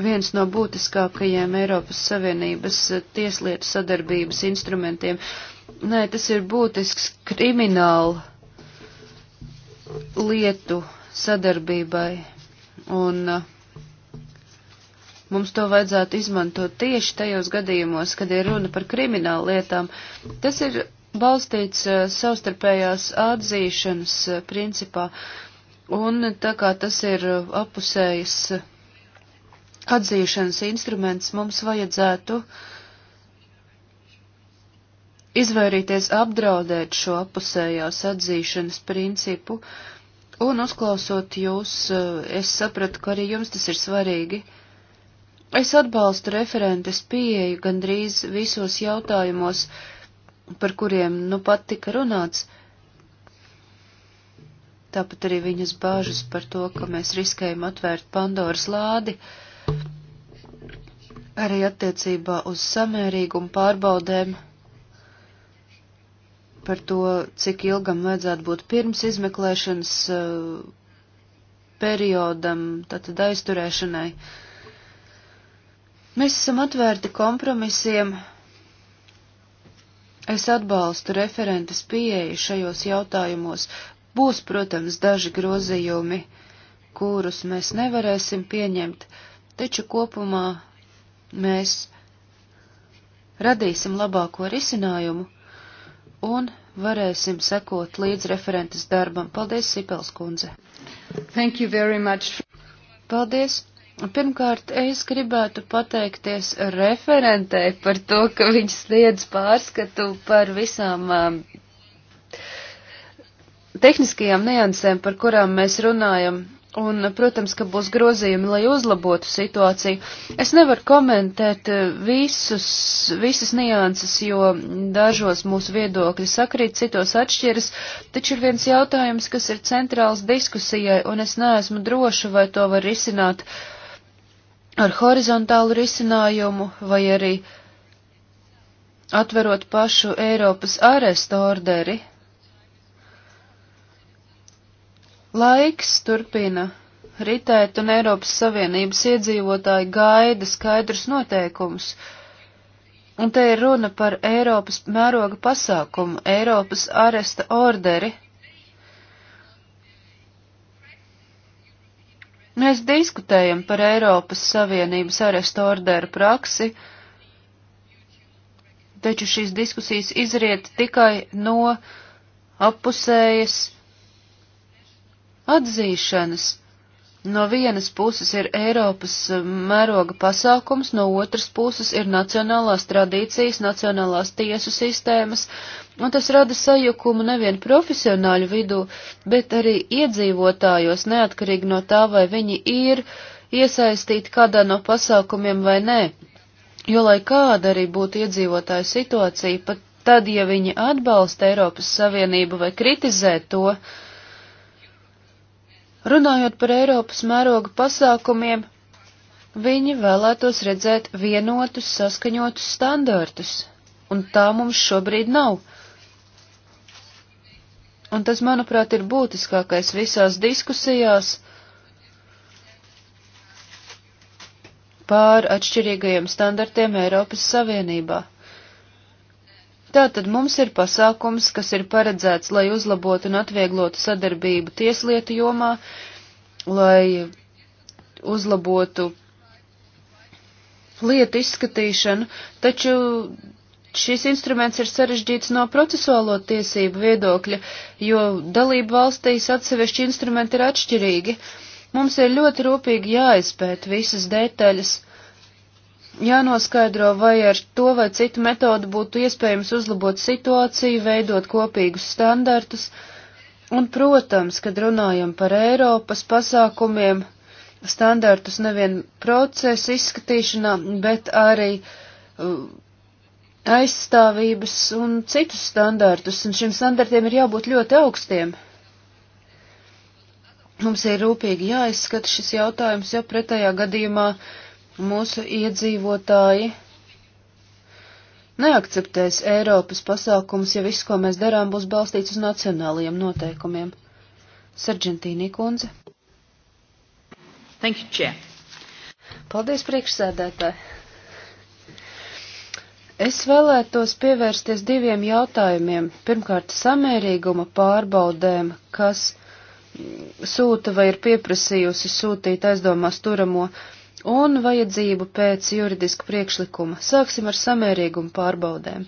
viens no būtiskākajiem Eiropas Savienības eh, tieslietu sadarbības instrumentiem. Nē, tas ir būtisks kriminālu lietu sadarbībai, un eh, mums to vajadzētu izmantot tieši tajos gadījumos, kad ir runa par kriminālu lietām. Tas ir balstīts eh, savstarpējās atzīšanas principā, un tā kā tas ir apusējis atzīšanas instruments mums vajadzētu izvairīties apdraudēt šo apusējās atzīšanas principu, un uzklausot jūs, eh, es sapratu, ka arī jums tas ir svarīgi. Es atbalstu referentes pieeju gandrīz visos jautājumos, par kuriem nu pat tika runāts. Tāpat arī viņas bāžas par to, ka mēs riskējam atvērt Pandoras lādi. Uh, arī attiecībā uz samērīgumu pārbaudēm par to, cik ilgam vajadzētu būt pirms izmeklēšanas eh, periodam, tātad aizturēšanai. Mēs esam atvērti kompromisiem. Es atbalstu referentes pieeju šajos jautājumos. Būs, protams, daži grozījumi, kurus mēs nevarēsim pieņemt, taču kopumā Mēs radīsim labāko risinājumu un varēsim sekot līdz referentes darbam. Paldies, Sipels kundze! Thank you very much! Paldies! Pirmkārt, es gribētu pateikties referentei par to, ka viņš sniedz pārskatu par visām um, tehniskajām niansēm, par kurām mēs runājam Un, protams, ka būs grozījumi, lai uzlabotu situāciju. Es nevaru komentēt eh, visus, visas nianses, jo dažos mūsu viedokļi sakrīt, citos atšķiras, taču ir viens jautājums, kas ir centrāls diskusijai, un es neesmu droša, vai to var risināt ar horizontālu risinājumu, vai arī atverot pašu Eiropas arestu orderi, Laiks turpina ritēt, un Eiropas Savienības iedzīvotāji gaida skaidrus noteikumus. Un te ir runa par Eiropas mēroga pasākumu, Eiropas aresta orderi. Mēs diskutējam par Eiropas Savienības aresta orderu praksi, taču šīs diskusijas izriet tikai no apusējas atzīšanas. No vienas puses ir Eiropas eh, mēroga pasākums, no otras puses ir nacionālās tradīcijas, nacionālās tiesu sistēmas, un tas rada sajukumu nevien profesionāļu vidū, bet arī iedzīvotājos, neatkarīgi no tā, vai viņi ir iesaistīti kādā no pasākumiem vai nē. Jo, lai kāda arī būtu iedzīvotāja situācija, pat tad, ja viņi atbalsta Eiropas Savienību vai kritizē to, uh, Runājot par Eiropas mēroga pasākumiem, viņi vēlētos redzēt vienotus, saskaņotus standartus, un tā mums šobrīd nav. Un tas, manuprāt, ir būtiskākais visās diskusijās pār atšķirīgajiem standartiem Eiropas Savienībā. Tātad mums ir pasākums, kas ir paredzēts, lai uzlabotu un atvieglotu sadarbību tieslietu jomā, lai uzlabotu lietu izskatīšanu, taču šis instruments ir sarežģīts no procesuālo tiesību viedokļa, jo dalību valstīs atsevišķi instrumenti ir atšķirīgi. Mums ir ļoti rūpīgi jāizpēt visas detaļas jānoskaidro, vai ar to vai citu metodu būtu iespējams uzlabot situāciju, veidot kopīgus standartus, un, protams, kad runājam par Eiropas pasākumiem, standartus nevien procesu izskatīšanā, bet arī uh, aizstāvības un citus standartus, un šiem standartiem ir jābūt ļoti augstiem. Mums ir rūpīgi jāizskata šis jautājums, jo pretējā gadījumā uh, mūsu iedzīvotāji neakceptēs Eiropas pasākums, ja viss, ko mēs darām, būs balstīts uz nacionālajiem noteikumiem. Sargentīnī kundze. Thank you, Chair. Paldies, priekšsēdētāji. Es vēlētos pievērsties diviem jautājumiem. Pirmkārt, samērīguma pārbaudēm, kas sūta vai ir pieprasījusi sūtīt aizdomās turamo un vajadzību pēc juridisku priekšlikumu. Sāksim ar samērīgumu pārbaudēm.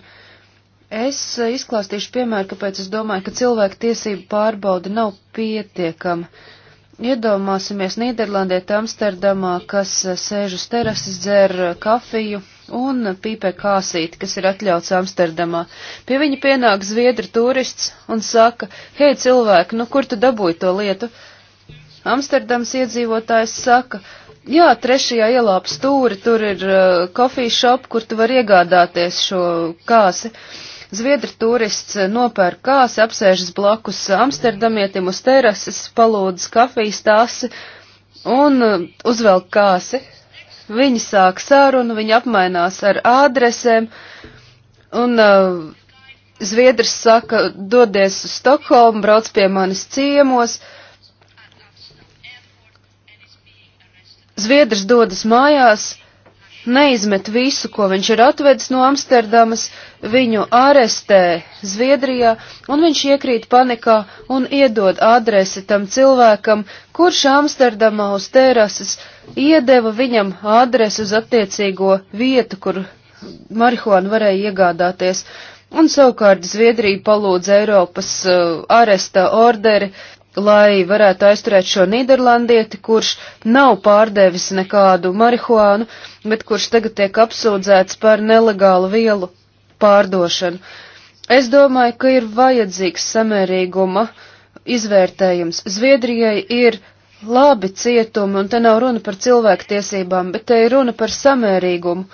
Es izklāstīšu piemēru, kāpēc es domāju, ka cilvēku tiesību pārbauda nav pietiekama. Iedomāsimies Nīderlandē, Amsterdamā, kas sēž uz terases, dzer kafiju un pīpē kāsīti, kas ir atļauts Amsterdamā. Pie viņa pienāk zviedru turists un saka, hei, cilvēki, nu kur tu dabūji to lietu? Amsterdams iedzīvotājs saka, Jā, trešajā ielāpa stūri, tur ir uh, coffee shop, kur tu vari iegādāties šo kāsi. Zviedri turists uh, nopērk kāsi, apsēžas blakus Amsterdamietim uz terases, palūdz kafijas tāsi un uh, uzvelk kāsi. Viņi sāk sarunu, viņi apmainās ar adresēm un uh, Zviedrs saka, dodies uz Stokholmu, brauc pie manis ciemos. Uh, Zviedrs dodas mājās, neizmet visu, ko viņš ir atvedis no Amsterdamas, viņu arestē Zviedrijā, un viņš iekrīt panikā un iedod adresi tam cilvēkam, kurš Amsterdamā uz terases iedeva viņam adresi uz attiecīgo vietu, kur marihuānu varēja iegādāties, un savukārt Zviedrija palūdz Eiropas uh, aresta orderi, uh, lai varētu aizturēt šo Nīderlandieti, kurš nav pārdevis nekādu marihuānu, bet kurš tagad tiek apsūdzēts par nelegālu vielu pārdošanu. Es domāju, ka ir vajadzīgs samērīguma izvērtējums. Zviedrijai ir labi cietumi, un te nav runa par cilvēktiesībām, bet te ir runa par samērīgumu.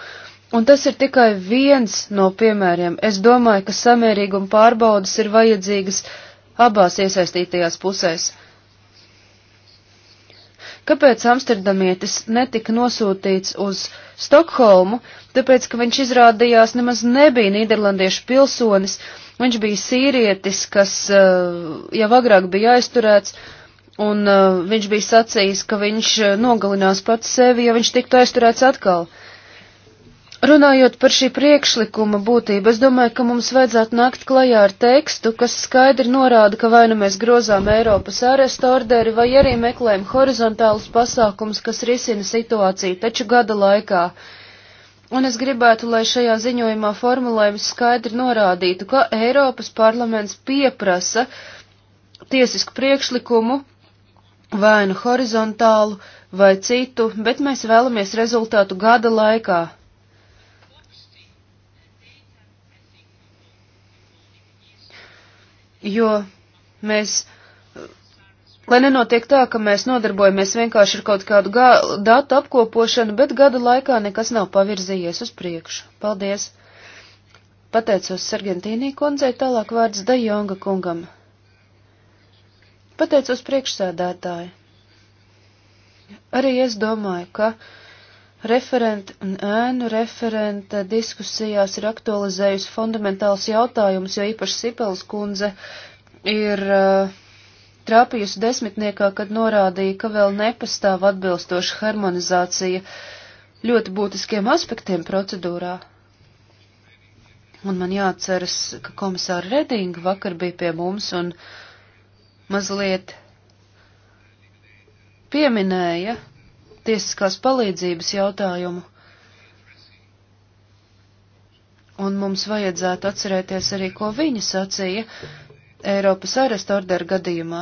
Un tas ir tikai viens no piemēriem. Es domāju, ka samērīguma pārbaudas ir vajadzīgas abās iesaistītajās pusēs. Kāpēc Amsterdamietis netika nosūtīts uz Stokholmu? Tāpēc, ka viņš izrādījās nemaz nebija Nīderlandiešu pilsonis, viņš bija sīrietis, kas eh, jau agrāk bija aizturēts, un eh, viņš bija sacījis, ka viņš eh, nogalinās pats sevi, ja viņš tiktu aizturēts atkal. Uh, Runājot par šī priekšlikuma būtību, es domāju, ka mums vajadzētu nākt klajā ar tekstu, kas skaidri norāda, ka vai nu mēs grozām Eiropas ārestu orderi, vai arī meklējam horizontālus pasākums, kas risina situāciju, taču gada laikā. Un es gribētu, lai šajā ziņojumā formulējums skaidri norādītu, ka Eiropas parlaments pieprasa tiesisku priekšlikumu vai nu horizontālu vai citu, bet mēs vēlamies rezultātu gada laikā, jo mēs, lai nenotiek tā, ka mēs nodarbojamies vienkārši ar kaut kādu datu apkopošanu, bet gada laikā nekas nav pavirzījies uz priekšu. Paldies! Pateicos Sargentīnī kundzei, tālāk vārds Dajonga kungam. Pateicos priekšsēdētāji. Arī es domāju, ka Referenta un ēnu referenta diskusijās ir aktualizējusi fundamentāls jautājums, jo īpaši Sipels kundze ir uh, trāpījusi desmitniekā, kad norādīja, ka vēl nepastāv atbilstoša harmonizācija ļoti būtiskiem aspektiem procedūrā. Un man jāatceras, ka komisāra Redinga vakar bija pie mums un mazliet pieminēja tiesiskās palīdzības jautājumu. Un mums vajadzētu atcerēties arī, ko viņa sacīja Eiropas arestu orderu gadījumā.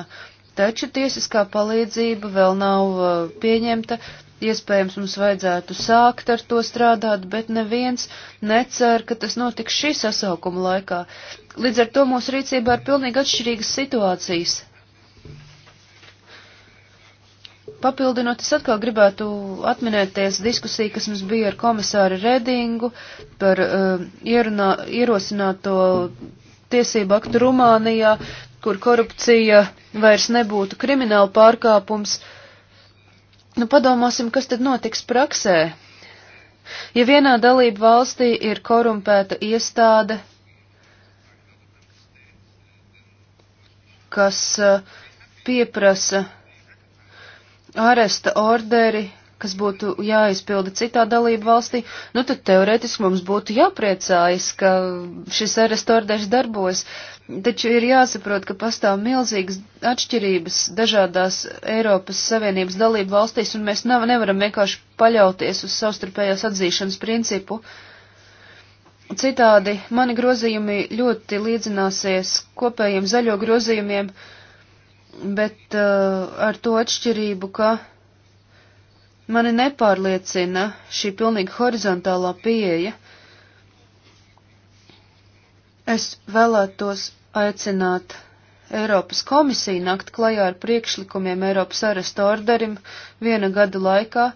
Taču tiesiskā palīdzība vēl nav uh, pieņemta, Iespējams, mums vajadzētu sākt ar to strādāt, bet neviens necer, ka tas notiks šī sasaukuma laikā. Līdz ar to mūsu rīcībā ir pilnīgi atšķirīgas situācijas. Papildinot, es atkal gribētu atminēties diskusiju, kas mums bija ar komisāri Redingu par uh, ierunā, ierosināto tiesību aktu Rumānijā, kur korupcija vairs nebūtu krimināla pārkāpums. Nu, padomāsim, kas tad notiks praksē. Ja vienā dalība valstī ir korumpēta iestāde, kas uh, pieprasa āresta orderi, kas būtu jāizpilda citā dalību valstī, nu tad teoretiski mums būtu jāpriecājas, ka šis āresta orders darbojas, taču ir jāsaprot, ka pastāv milzīgas atšķirības dažādās Eiropas Savienības dalību valstīs, un mēs nav, nevaram vienkārši paļauties uz savstarpējās atzīšanas principu. Citādi mani grozījumi ļoti līdzināsies kopējiem zaļo grozījumiem, uh, bet uh, ar to atšķirību, ka mani nepārliecina šī pilnīgi horizontālā pieeja. Es vēlētos aicināt Eiropas komisiju nakt klajā ar priekšlikumiem Eiropas arestu orderim viena gada laikā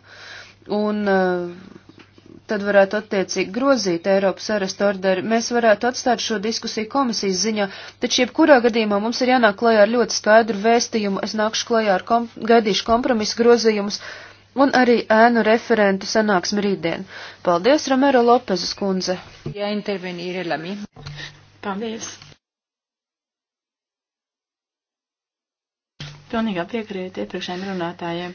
un uh, tad varētu attiecīgi grozīt Eiropas arestu orderi. Mēs varētu atstāt šo diskusiju komisijas ziņā, taču jebkurā gadījumā mums ir jānāk klajā ar ļoti skaidru vēstījumu. Es nākšu klajā ar kom gaidīšu kompromisu grozījumus un arī ēnu referentu sanāksmi rītdien. Paldies, Romero Lopezes kundze. Jā, intervenīri, Lami. Paldies. Pilnīgā piekrītu iepriekšējiem runātājiem.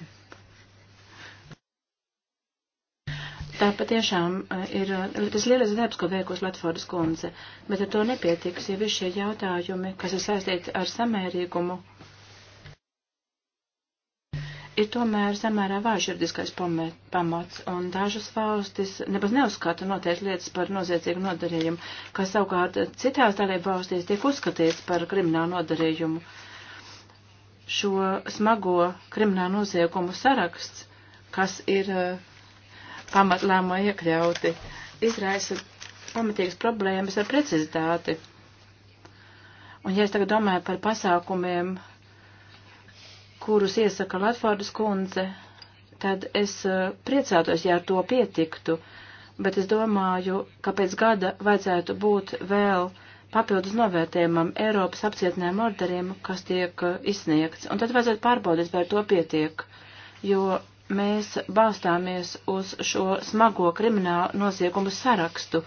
Tā patiešām eh, ir eh, tas lielais darbs, ko veikusi Latvijas kundze, bet ar to nepietiks, ja visi šie jautājumi, kas ir saistīti ar samērīgumu, ir tomēr samērā vājširdiskais pamats, un dažas valstis nebaz neuzskata noteikti lietas par noziedzīgu nodarījumu, kas savukārt citās dalību valstīs tiek uzskatīts par kriminālu nodarījumu. Šo smago kriminālu noziegumu saraksts, kas ir uh, pamatlēmumā iekļauti, izraisa pamatīgas problēmas ar precizitāti. Un ja es tagad domāju par pasākumiem, kurus iesaka Latvārdas kundze, tad es eh, priecātos, ja ar to pietiktu, bet es domāju, ka pēc gada vajadzētu būt vēl papildus novērtējumam Eiropas apcietinājuma orderiem, kas tiek eh, izsniegts, un tad vajadzētu pārbaudīt, vai ar to pietiek, jo mēs balstāmies uz šo smago kriminālu noziegumu sarakstu.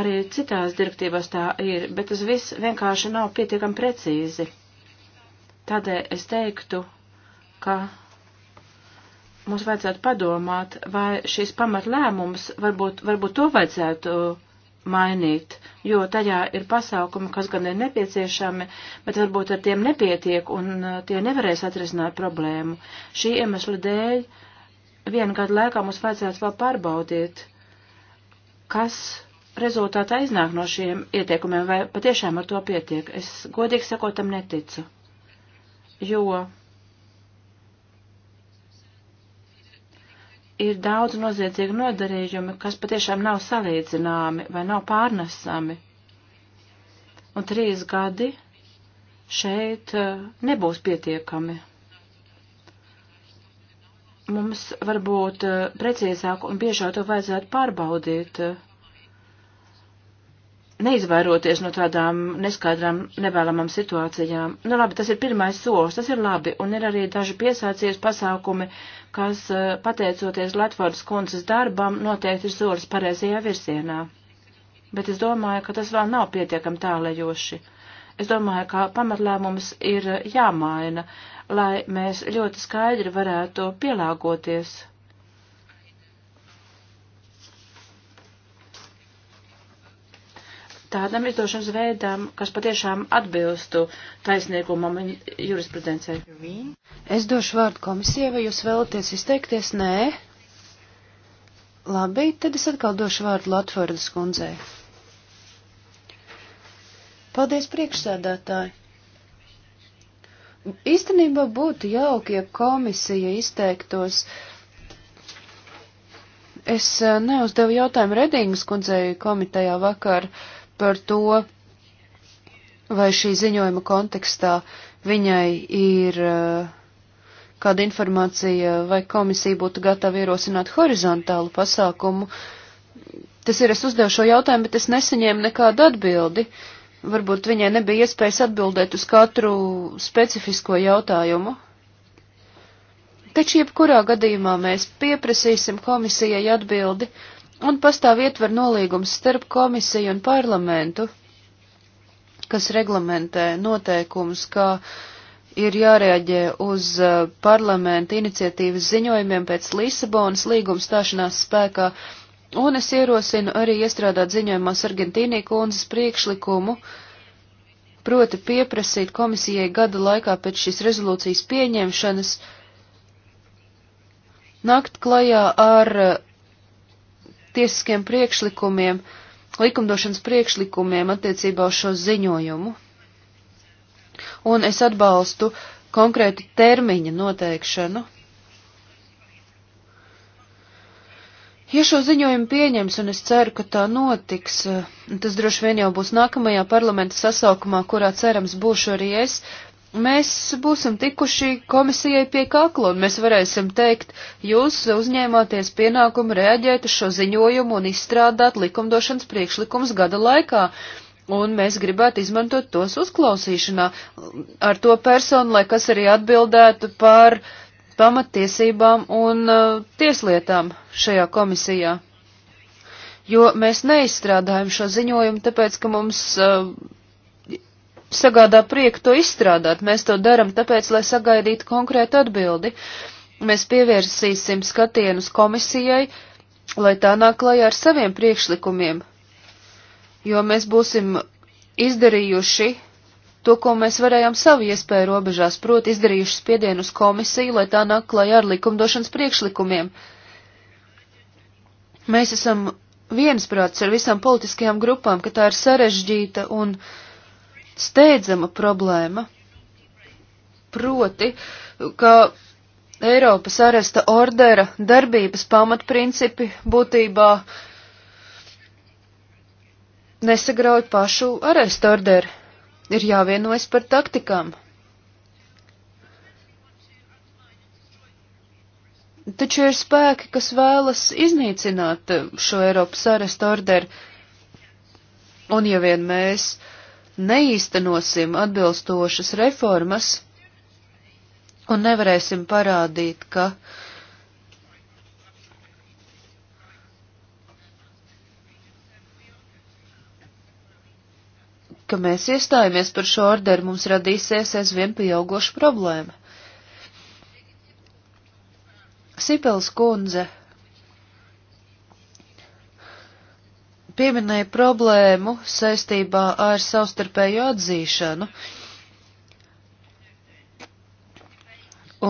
Arī citās direktīvās tā ir, bet tas viss vienkārši nav pietiekami precīzi. Tādēļ es teiktu, ka mums vajadzētu padomāt, vai šīs pamatlēmums varbūt, varbūt to vajadzētu uh, mainīt, jo tajā ir pasākumi, kas gan ir nepieciešami, bet varbūt ar tiem nepietiek un uh, tie nevarēs atrisināt problēmu. Šī iemesla dēļ vienu gadu laikā mums vajadzētu vēl pārbaudīt, kas rezultātā iznāk no šiem ieteikumiem, vai patiešām ar to pietiek. Es godīgi sakot tam neticu, jo ir daudz noziedzīgu nodarījumi, kas patiešām nav salīdzināmi vai nav pārnesami. Un trīs gadi šeit eh, nebūs pietiekami. Mums varbūt eh, precīzāk un biežāk to vajadzētu pārbaudīt. Uh, neizvairoties no tādām neskaidrām, nevēlamām situācijām. Nu labi, tas ir pirmais solis, tas ir labi, un ir arī daži piesācies pasākumi, kas, eh, pateicoties Latvārdas kundzes darbam, noteikti ir solis pareizajā virsienā. Bet es domāju, ka tas vēl nav pietiekami tālējoši. Es domāju, ka pamatlēmums ir jāmaina, lai mēs ļoti skaidri varētu pielāgoties tādam izdošanas veidam, kas patiešām atbilstu taisniegumam un jurisprudencei. Es došu vārdu komisijai, vai jūs vēlaties izteikties? Nē. Labi, tad es atkal došu vārdu Latvārdas kundzei. Paldies, priekšsēdētāji! Īstenībā būtu jauki, ja komisija izteiktos. Es eh, neuzdevu jautājumu Redingas kundzei komitejā vakar. Uh, par to, vai šī ziņojuma kontekstā viņai ir uh, kāda informācija, vai komisija būtu gatava ierosināt horizontālu pasākumu. Tas ir, es uzdevu šo jautājumu, bet es nesaņēmu nekādu atbildi. Varbūt viņai nebija iespējas atbildēt uz katru specifisko jautājumu. Taču jebkurā gadījumā mēs pieprasīsim komisijai atbildi, uh, un pastāv ietver nolīgums starp komisiju un parlamentu, kas reglamentē noteikums, kā ir jārēģē uz uh, parlamenta iniciatīvas ziņojumiem pēc Lisabonas līguma stāšanās spēkā, un es ierosinu arī iestrādāt ziņojumās Argentīnī kundzes priekšlikumu, proti pieprasīt komisijai gada laikā pēc šīs rezolūcijas pieņemšanas nakt klajā ar uh, tiesiskiem priekšlikumiem, likumdošanas priekšlikumiem attiecībā uz šo ziņojumu. Un es atbalstu konkrētu termiņa noteikšanu. Ja šo ziņojumu pieņems, un es ceru, ka tā notiks, eh, tas droši vien jau būs nākamajā parlamenta sasaukumā, kurā cerams būšu arī es, mēs būsim tikuši komisijai pie kakla, un mēs varēsim teikt, jūs uzņēmāties pienākumu reaģēt uz šo ziņojumu un izstrādāt likumdošanas priekšlikums gada laikā, un mēs gribētu izmantot tos uzklausīšanā ar to personu, lai kas arī atbildētu par pamattiesībām un uh, tieslietām šajā komisijā. Jo mēs neizstrādājam šo ziņojumu, tāpēc, ka mums uh, sagādā prieku to izstrādāt. Mēs to daram tāpēc, lai sagaidītu konkrētu atbildi. Mēs pievērsīsim skatienus komisijai, lai tā nāk klajā ar saviem priekšlikumiem, jo mēs būsim izdarījuši to, ko mēs varējām savu iespēju robežās, proti izdarījuši spiedienu uz komisiju, lai tā nāk klajā ar likumdošanas priekšlikumiem. Mēs esam viensprāts ar visām politiskajām grupām, ka tā ir sarežģīta un uh, steidzama problēma, proti, ka Eiropas aresta ordera darbības pamatprincipi būtībā nesagrauj pašu aresta orderu. Ir jāvienojas par taktikām. Taču ir spēki, kas vēlas iznīcināt šo Eiropas aresta orderu. Un ja vien mēs uh, neīstenosim atbilstošas reformas un nevarēsim parādīt, ka ka mēs iestājamies par šo orderu, mums radīsies aizvien pieaugoša problēma. Sipels kundze pieminēja problēmu saistībā ar savstarpēju atzīšanu.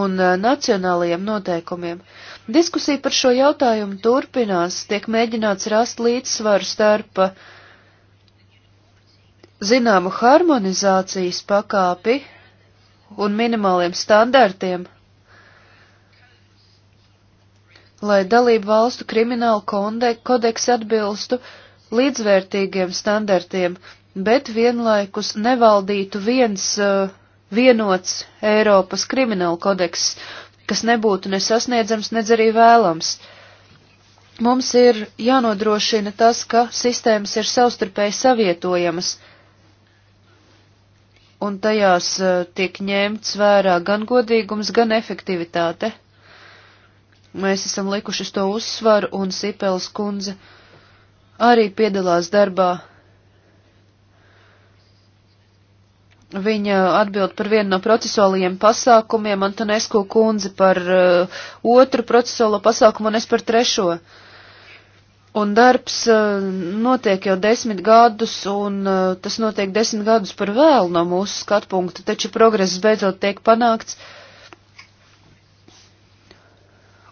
Un eh, nacionālajiem noteikumiem. Diskusija par šo jautājumu turpinās, tiek mēģināts rast līdzsvaru starp eh, zināmu harmonizācijas pakāpi un minimāliem standartiem, lai dalību valstu kriminālu kodeks atbilstu līdzvērtīgiem standartiem, bet vienlaikus nevaldītu viens uh, vienots Eiropas krimināla kodeks, kas nebūtu nesasniedzams, nedz arī vēlams. Mums ir jānodrošina tas, ka sistēmas ir savstarpēji savietojamas, un tajās uh, tiek ņemts vērā gan godīgums, gan efektivitāte. Mēs esam likuši to uzsvaru, un Sipels kundze uh, arī piedalās darbā. Viņa atbild par vienu no procesuālajiem pasākumiem, Antonesko kundze par uh, otru procesuālo pasākumu un es par trešo. Un darbs uh, notiek jau desmit gadus, un uh, tas notiek desmit gadus par vēlu no mūsu skatpunkta, taču progress beidzot tiek panākts.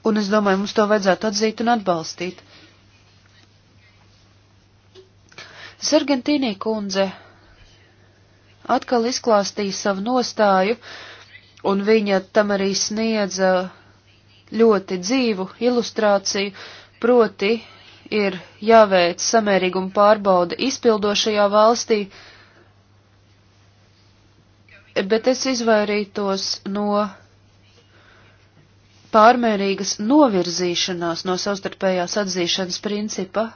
Un es domāju, mums to vajadzētu atzīt un atbalstīt. Sargentīnī kundze atkal izklāstīja savu nostāju, un viņa tam arī sniedza ļoti dzīvu ilustrāciju, proti ir jāveic samērīguma pārbauda izpildošajā valstī, bet es izvairītos no pārmērīgas novirzīšanās no savstarpējās atzīšanas principa,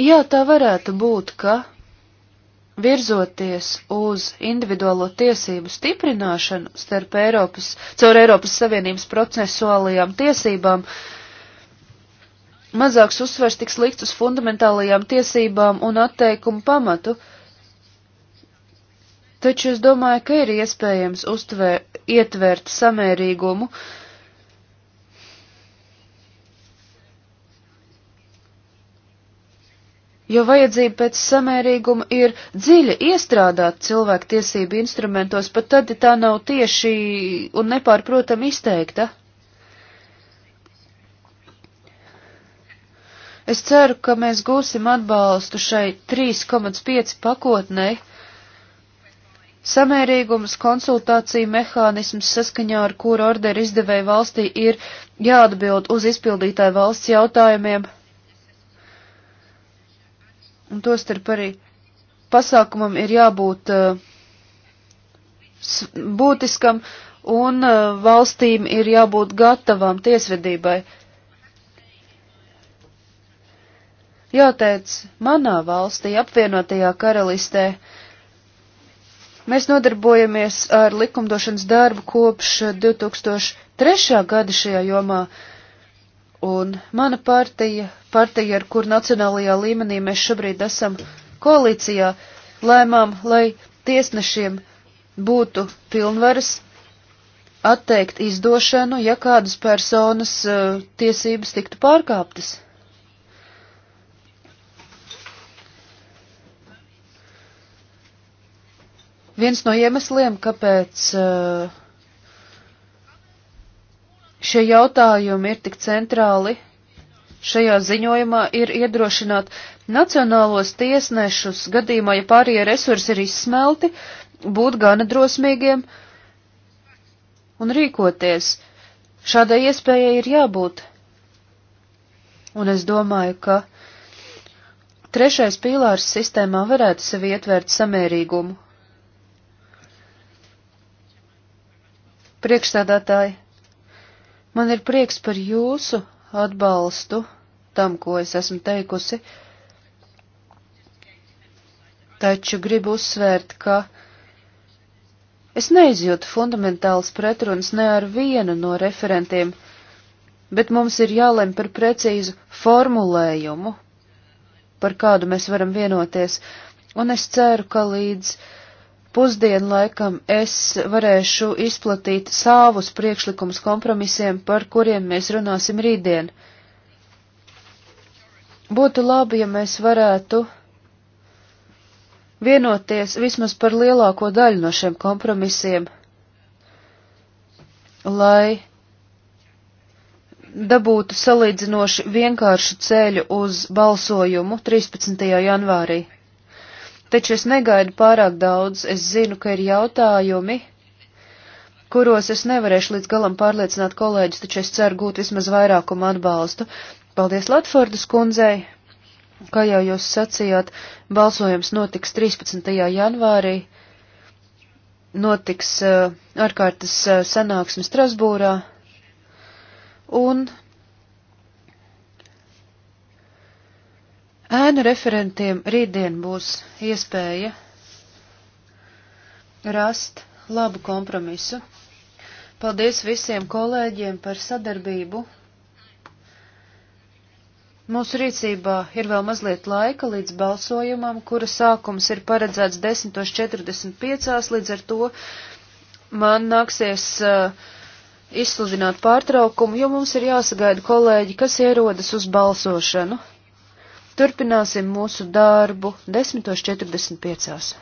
Jā, tā varētu būt, ka virzoties uz individuālo tiesību stiprināšanu starp Eiropas, caur Eiropas Savienības procesuālajām tiesībām, mazāks uzsvers tiks likts uz fundamentālajām tiesībām un atteikumu pamatu, taču es domāju, ka ir iespējams uztvēr, ietvērt samērīgumu, uh, jo vajadzība pēc samērīguma ir dziļi iestrādāt cilvēku tiesību instrumentos, pat tad, ja tā nav tieši un nepārprotam izteikta. Es ceru, ka mēs gūsim atbalstu šai 3,5 pakotnei. Samērīgums konsultācija mehānisms saskaņā ar kuru orderu izdevēja valstī ir jāatbild uz izpildītāju valsts jautājumiem Un to starp arī pasākumam ir jābūt eh, būtiskam un eh, valstīm ir jābūt gatavām tiesvedībai. Jāteic, manā valstī, apvienotajā karalistē, mēs nodarbojamies ar likumdošanas darbu kopš 2003. gada šajā jomā, un mana partija partija, ar kur nacionālajā līmenī mēs šobrīd esam koalīcijā, lēmām, lai tiesnešiem būtu pilnvaras atteikt izdošanu, ja kādas personas uh, tiesības tiktu pārkāptas. Viens no iemesliem, kāpēc uh, šie jautājumi ir tik centrāli šajā ziņojumā ir iedrošināt nacionālos tiesnešus gadījumā, ja pārējie resursi ir izsmelti, būt gana drosmīgiem un rīkoties. Šādai iespējai ir jābūt. Un es domāju, ka trešais pīlārs sistēmā varētu sevi ietvērt samērīgumu. Priekšstādātāji, man ir prieks par jūsu atbalstu tam, ko es esmu teikusi, taču gribu uzsvērt, ka es neizjūtu fundamentāls pretruns ne ar vienu no referentiem, bet mums ir jālem par precīzu formulējumu, par kādu mēs varam vienoties, un es ceru, ka līdz pusdienu laikam es varēšu izplatīt savus priekšlikumus kompromisiem, par kuriem mēs runāsim rītdien. Būtu labi, ja mēs varētu vienoties vismaz par lielāko daļu no šiem kompromisiem, lai dabūtu salīdzinoši vienkāršu ceļu uz balsojumu 13. janvārī taču es negaidu pārāk daudz. Es zinu, ka ir jautājumi, kuros es nevarēšu līdz galam pārliecināt kolēģis, taču es ceru gūt vismaz vairākumu atbalstu. Paldies Latfordas kundzei! Kā jau jūs sacījāt, balsojums notiks 13. janvārī, notiks uh, ārkārtas uh, sanāksme Strasbūrā, un Ēnu referentiem rītdien būs iespēja rast labu kompromisu. Paldies visiem kolēģiem par sadarbību. Mūsu rīcībā ir vēl mazliet laika līdz balsojumam, kura sākums ir paredzēts 10.45, līdz ar to man nāksies uh, izsludināt pārtraukumu, jo mums ir jāsagaida kolēģi, kas ierodas uz balsošanu. Turpināsim mūsu darbu 10.45.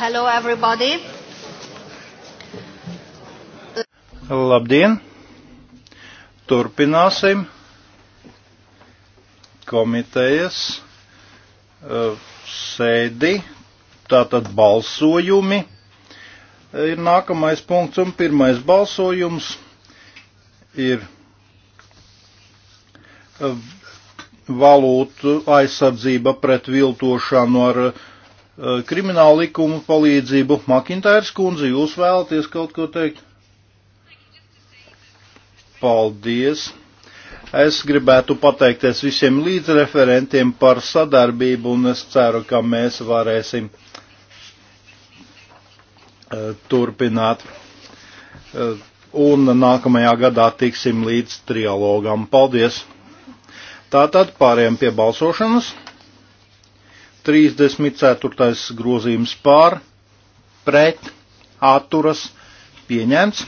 Hello everybody. Labdien! Turpināsim komitejas eh, sēdi, tātad balsojumi eh, ir nākamais punkts un pirmais balsojums ir eh, valūtu aizsardzība pret viltošanu ar uh, Eh, krimināla likuma palīdzību. Makintērs kundze, jūs vēlaties kaut ko teikt? Paldies! Es gribētu pateikties visiem līdzreferentiem par sadarbību un es ceru, ka mēs varēsim eh, turpināt. Eh, un nākamajā gadā tiksim līdz trialogam. Paldies! Tātad pāriem pie balsošanas. 34. grozījums pār, pret, atturas, pieņemts.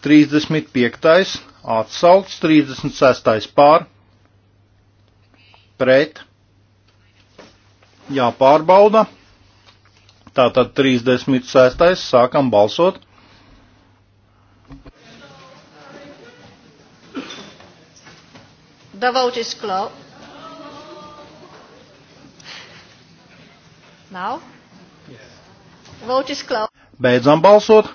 35. atsaukts, 36. pār, pret, jāpārbauda. Tātad 36. sākam balsot. The vote is closed. Nav? Vote is closed. Beidzam balsot.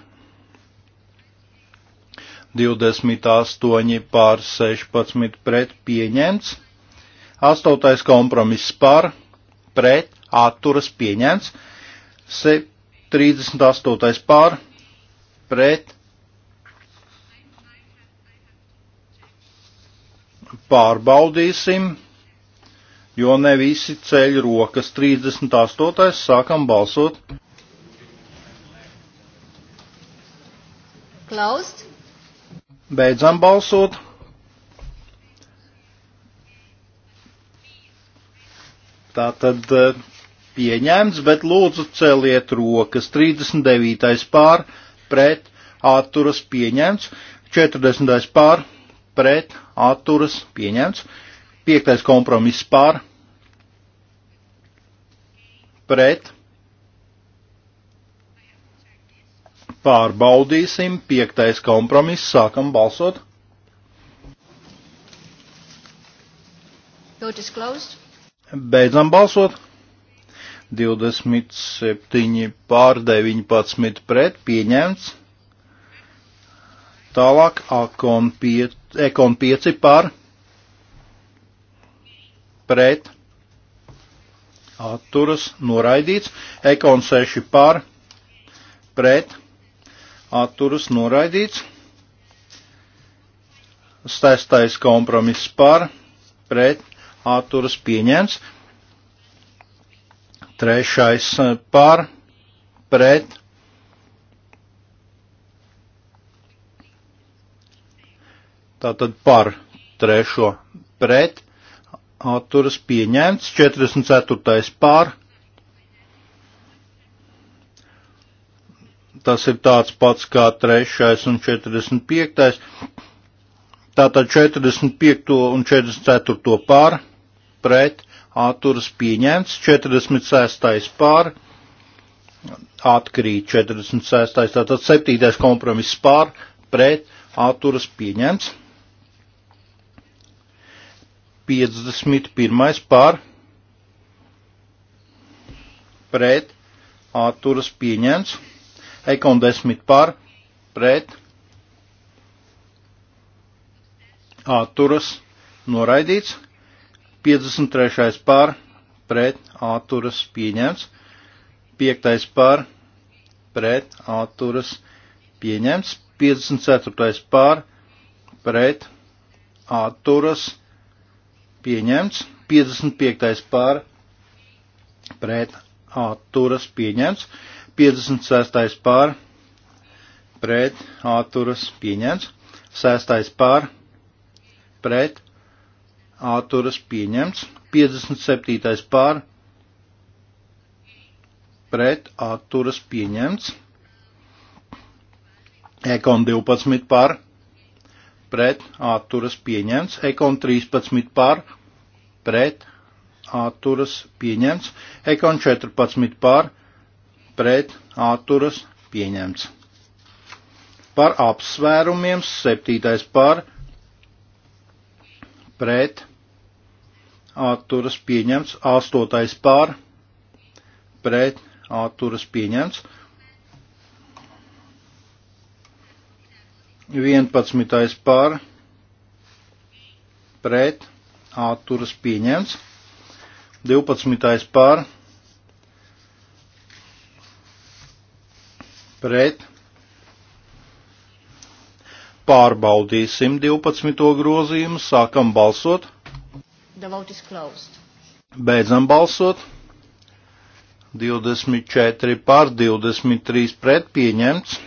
28 pār 16 pret pieņemts. 8. kompromiss par pret atturas pieņemts. 38. pār pret pārbaudīsim jo ne visi ceļ rokas. 38. sākam balsot. Closed. Beidzam balsot. Tā tad eh, pieņemts, bet lūdzu celiet rokas. 39. pār pret atturas pieņemts, 40. pār pret atturas pieņemts, Piektais kompromiss pār, pret, pārbaudīsim, piektais kompromiss, sākam balsot. Beidzam balsot. 27 pār 19 pret pieņemts. Tālāk akon 5, ekon 5 pār pret atturas noraidīts, ekon 6 par pret atturas noraidīts, sestais kompromiss par pret atturas pieņemts, trešais eh, par pret tātad par trešo pret atturas pieņemts, 44. pār. Tas ir tāds pats kā 3. un 45. Tātad 45. un 44. pār pret atturas pieņemts, 46. pār atkrīt 46. Tātad 7. kompromiss pār pret atturas pieņemts. 51. par pret atturas pieņemts. Ekon 10 par pret atturas noraidīts. 53. par pret atturas pieņemts. 5. par pret atturas pieņemts. 54. par pret atturas pieņemts pieņemts, 55. pār pret atturas pieņemts, 56. pār pret atturas pieņemts, 6. pār pret atturas pieņemts, 57. pār pret atturas pieņemts, ekon 12 pār pret atturas pieņemts, ekon 13 par pret atturas pieņemts, ekon 14 par pret atturas pieņemts. Par apsvērumiem 7. par pret atturas pieņemts, 8. par pret atturas pieņemts. 11. pār pret atturas pieņemts. 12. pār pret pārbaudīsim 12. grozījumu, sākam balsot. Beidzam balsot. 24 pār 23 pret pieņemts.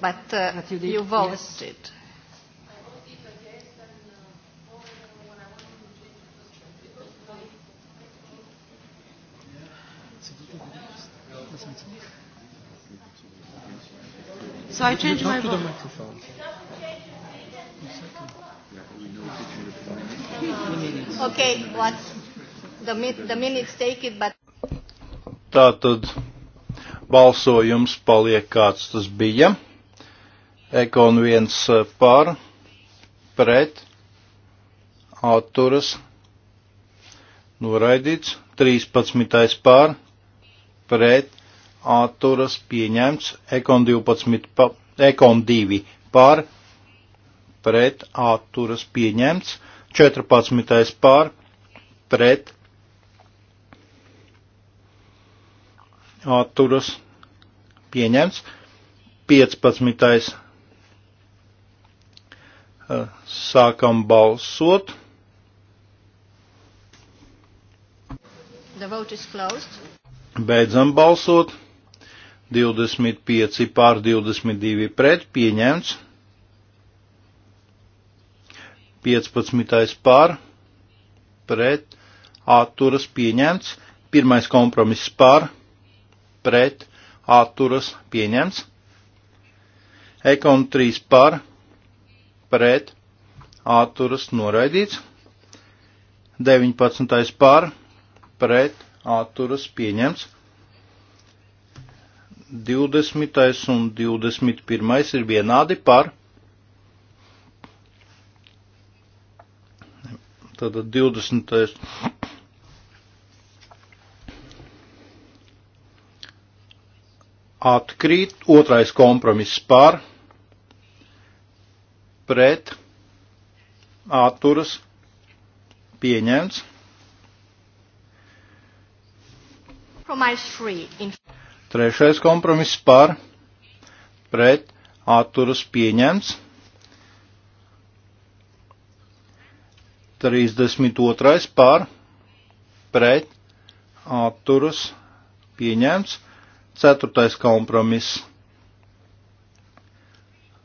but uh, you, you voted. Yes. So I changed my vote. Okay, what the, the minutes take it, but. Tātad balsojums paliek kāds tas bija. Ekon viens eh, par, pret, atturas, noraidīts, 13. par, pret, atturas, pieņemts, Ekon 12, pa, Ekon 2 par, pret, atturas, pieņemts, 14. par, pret, atturas, pieņemts, 15. Sākam balsot. Beidzam balsot. 25 pār 22 pret pieņemts. 15 pār pret atturas pieņemts. Pirmais kompromiss pār pret atturas pieņemts. Ekon 3 pār pret pret atturas noraidīts. 19. par pret atturas pieņemts. 20. un 21. ir vienādi par. Tātad 20. atkrīt, otrais kompromiss par pret atturas pieņemts. Trešais kompromiss par pret atturas pieņemts. 32. par pret atturas pieņemts. Ceturtais kompromiss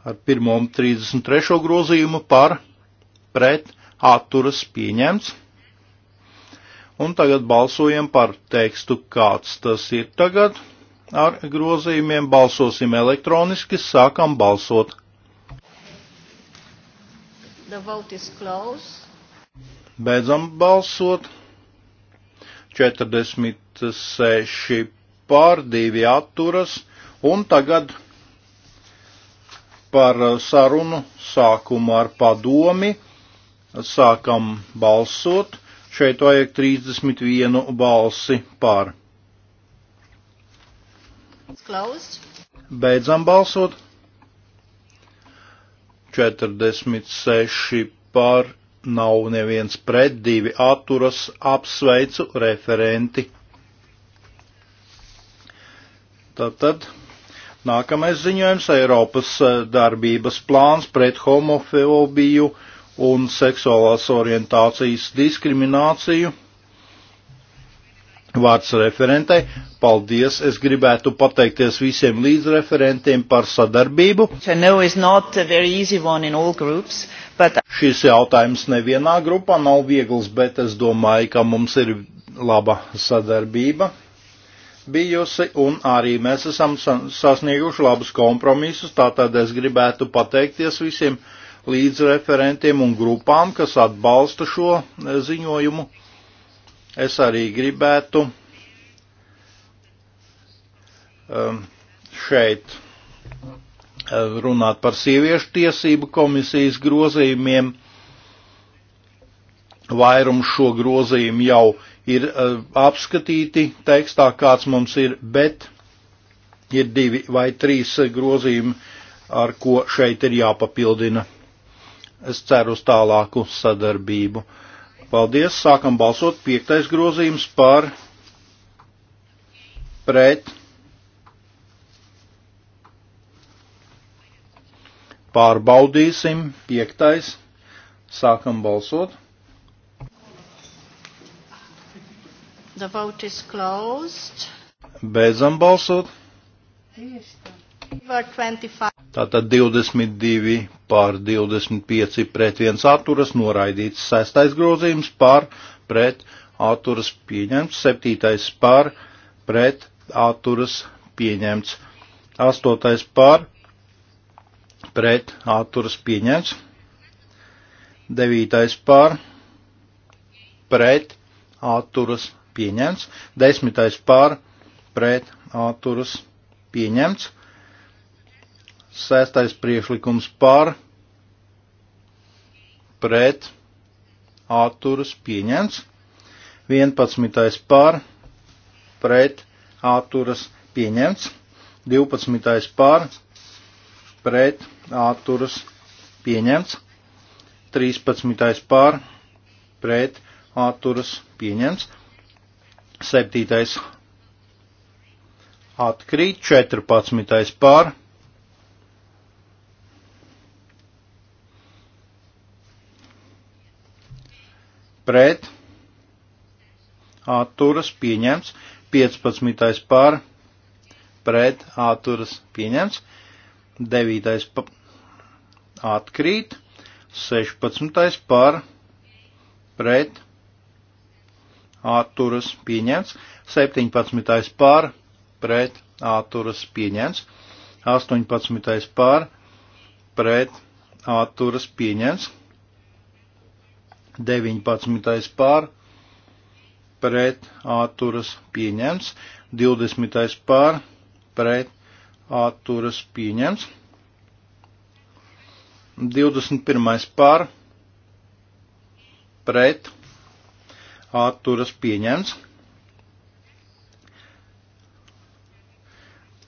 ar 1 un 33 grozījumu par pret atturas pieņemts. Un tagad balsojam par tekstu, kāds tas ir tagad. Ar grozījumiem balsosim elektroniski, sākam balsot. Beidzam balsot. 46 pār 2 atturas. Un tagad par eh, sarunu sākumu ar padomi. Sākam balsot. Šeit vajag 31 balsi par. Beidzam balsot. 46 par, nav neviens pret, divi atturas, apsveicu referenti. Tātad Nākamais ziņojums - Eiropas eh, darbības plāns pret homofobiju un seksuālās orientācijas diskrimināciju. Vārds referentei. Paldies. Es gribētu pateikties visiem līdzreferentiem par sadarbību. Groups, but... Šis jautājums nevienā grupā nav viegls, bet es domāju, ka mums ir laba sadarbība bijusi, un arī mēs esam sasnieguši labus kompromisus, tātad es gribētu pateikties visiem līdzreferentiem un grupām, kas atbalsta šo e, ziņojumu. Es arī gribētu um, šeit e, runāt par sieviešu tiesību komisijas grozījumiem. Vairums šo grozījumu jau ir eh, apskatīti tekstā, kāds mums ir, bet ir divi vai trīs eh, grozījumi, ar ko šeit ir jāpapildina. Es ceru uz tālāku sadarbību. Paldies, sākam balsot piektais grozījums par pret pārbaudīsim piektais, sākam balsot. The vote is closed. Beidzam balsot. Tātad 22 pār 25 pret 1 atturas noraidīts. Sestais grozījums pār pret atturas pieņemts. Septītais pār pret atturas pieņemts. Astotais pār pret atturas pieņemts. Devītais pār pret atturas pieņemts pieņemts, desmitais par pret atturas pieņemts, sestais priekšlikums par pret atturas pieņemts, vienpadsmitais par pret atturas pieņemts, divpadsmitais par pret atturas pieņemts, trīspadsmitais par pret atturas pieņemts, Septītais atkrīt, 14. pār. Pret atturas pieņemts, 15. pār. Pret atturas pieņemts, 9. Pa, atkrīt, 16. pār. Pret atturas pieņemts, 17. pār pret atturas pieņemts, 18. pār pret atturas pieņemts, 19. pār pret atturas pieņemts, 20. pār pret atturas pieņemts, 21. pār pret atturas pieņemts, atturas pieņemts.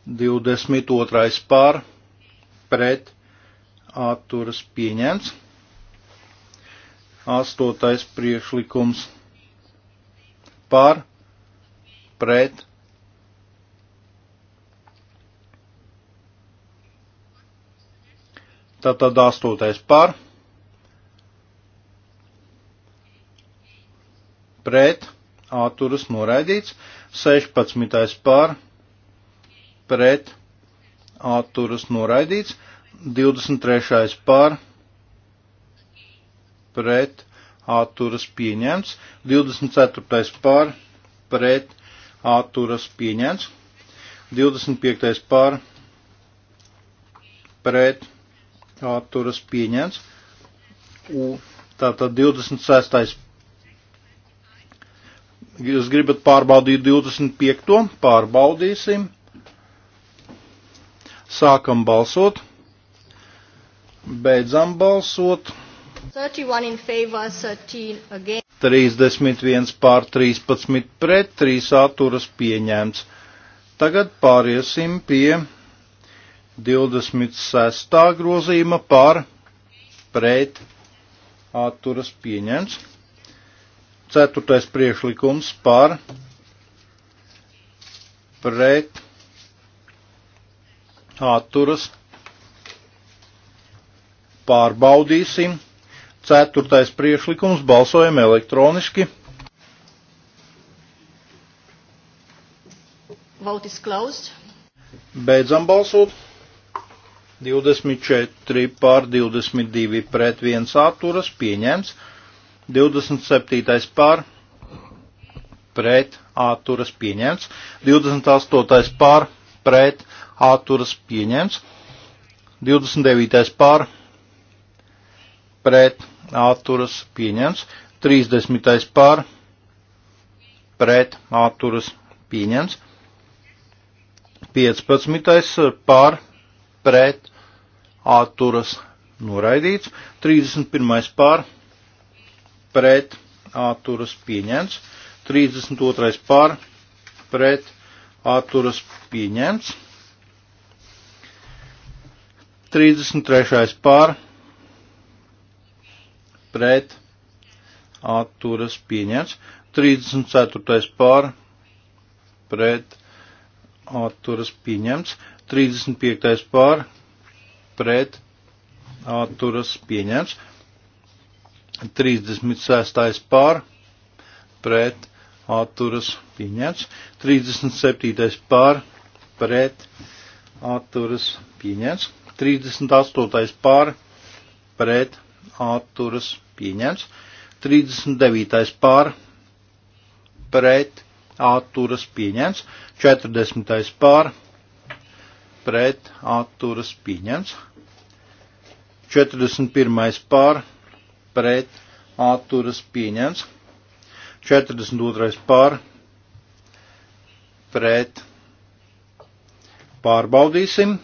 22. pār pret atturas pieņemts. 8. priekšlikums pār pret Tātad 8. pār pret atturas noraidīts, 16. par pret atturas noraidīts, 23. par pret atturas pieņemts, 24. par pret atturas pieņemts, 25. par pret atturas pieņemts, U, tātad 26. Jūs gribat pārbaudīt 25. pārbaudīsim. Sākam balsot. Beidzam balsot. 31 favor, 13 again. 31 pār 13 pret, 3 atturas pieņēmts. Tagad pāriesim pie 26. grozījuma pār pret atturas pieņēmts. Ceturtais priekšlikums par pret atturas pārbaudīsim. Ceturtais priekšlikums balsojam elektroniski. Vote is closed. Beidzam balsot. 24 pār 22 pret 1 atturas pieņemts. 27. pār pret āturas pieņemts, 28. pār pret āturas pieņemts, 29. pār pret āturas pieņemts, 30. pār pret āturas pieņemts, 15. pār pret āturas noraidīts, 31. pār pret pret atturas pieņemts, 32. par pret atturas pieņemts, 33. par pret atturas pieņemts, 34. par pret atturas pieņemts, 35. par pret atturas pieņemts, 36. pār pret atturas pieņemts, 37. pār pret atturas pieņemts, 38. pār pret atturas pieņemts, 39. pār pret atturas pieņemts, 40. pār pret atturas pieņemts, 41. pār pret pret atturas pieņemts. 42. par pret pārbaudīsim.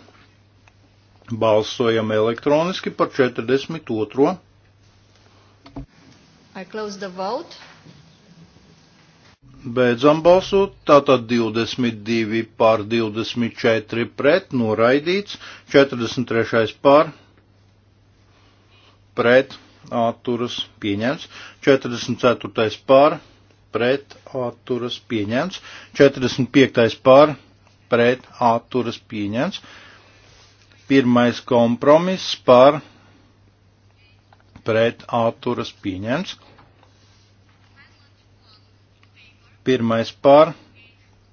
Balsojam elektroniski par 42. I close the vote. Beidzam balsot, tātad 22 pār 24 pret, noraidīts, 43 pār pret, atturas pieņemts, 44. pār pret atturas pieņemts, 45. pār pret atturas pieņemts, 1. kompromiss pār pret atturas pieņemts, 1. pār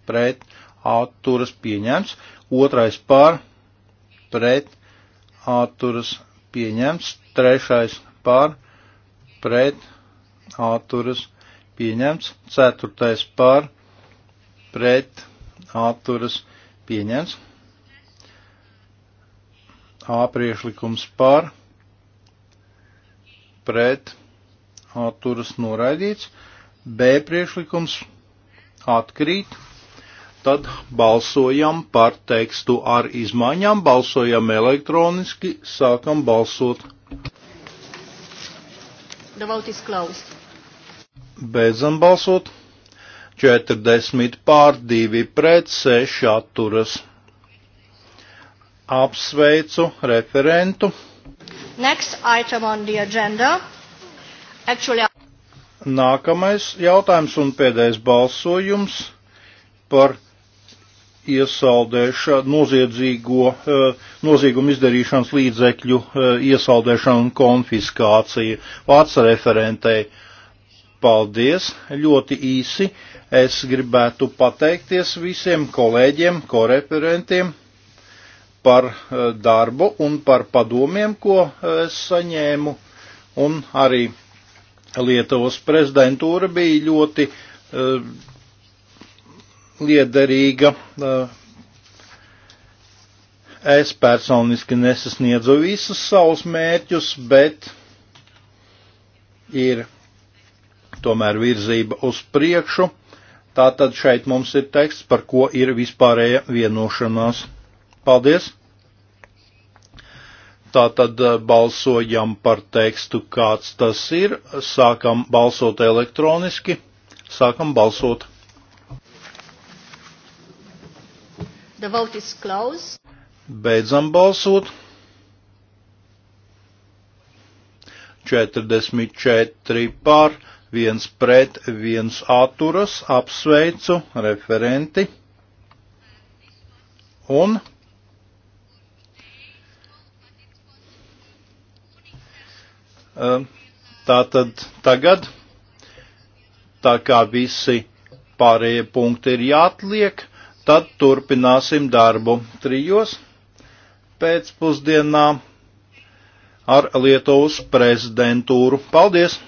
pret atturas pieņemts, 2. pār pret atturas pieņemts, 3 pār pret atturas pieņemts. Ceturtais pār pret atturas pieņemts. A priešlikums pār pret atturas noraidīts. B priešlikums atkrīt tad balsojam par tekstu ar izmaiņām, balsojam elektroniski, sākam balsot. The vote is closed. Beidzam balsot. 40 pār 2 pret 6 atturas. Apsveicu referentu. Next item on the agenda. Actually, Nākamais jautājums un pēdējais balsojums par iesaldēšanu noziedzīgo uh, noziegumu izdarīšanas līdzekļu e, iesaldēšana un konfiskācija. Vārds referentei. Paldies, ļoti īsi. Es gribētu pateikties visiem kolēģiem, koreferentiem par e, darbu un par padomiem, ko e, es saņēmu. Un arī Lietuvas prezidentūra bija ļoti liederīga Es personiski nesasniedzu visus savus mērķus, bet ir tomēr virzība uz priekšu. Tātad šeit mums ir teksts, par ko ir vispārēja vienošanās. Paldies! Tātad eh, balsojam par tekstu, kāds tas ir. Sākam balsot elektroniski. Sākam balsot. The vote is closed. Beidzam balsot. 44 pār, 1 pret, 1 atturas, apsveicu referenti. Un ehm, tātad tagad, tā kā visi pārējie punkti ir jāatliek, tad turpināsim darbu trijos pēcpusdienā ar Lietuvas prezidentūru. Paldies!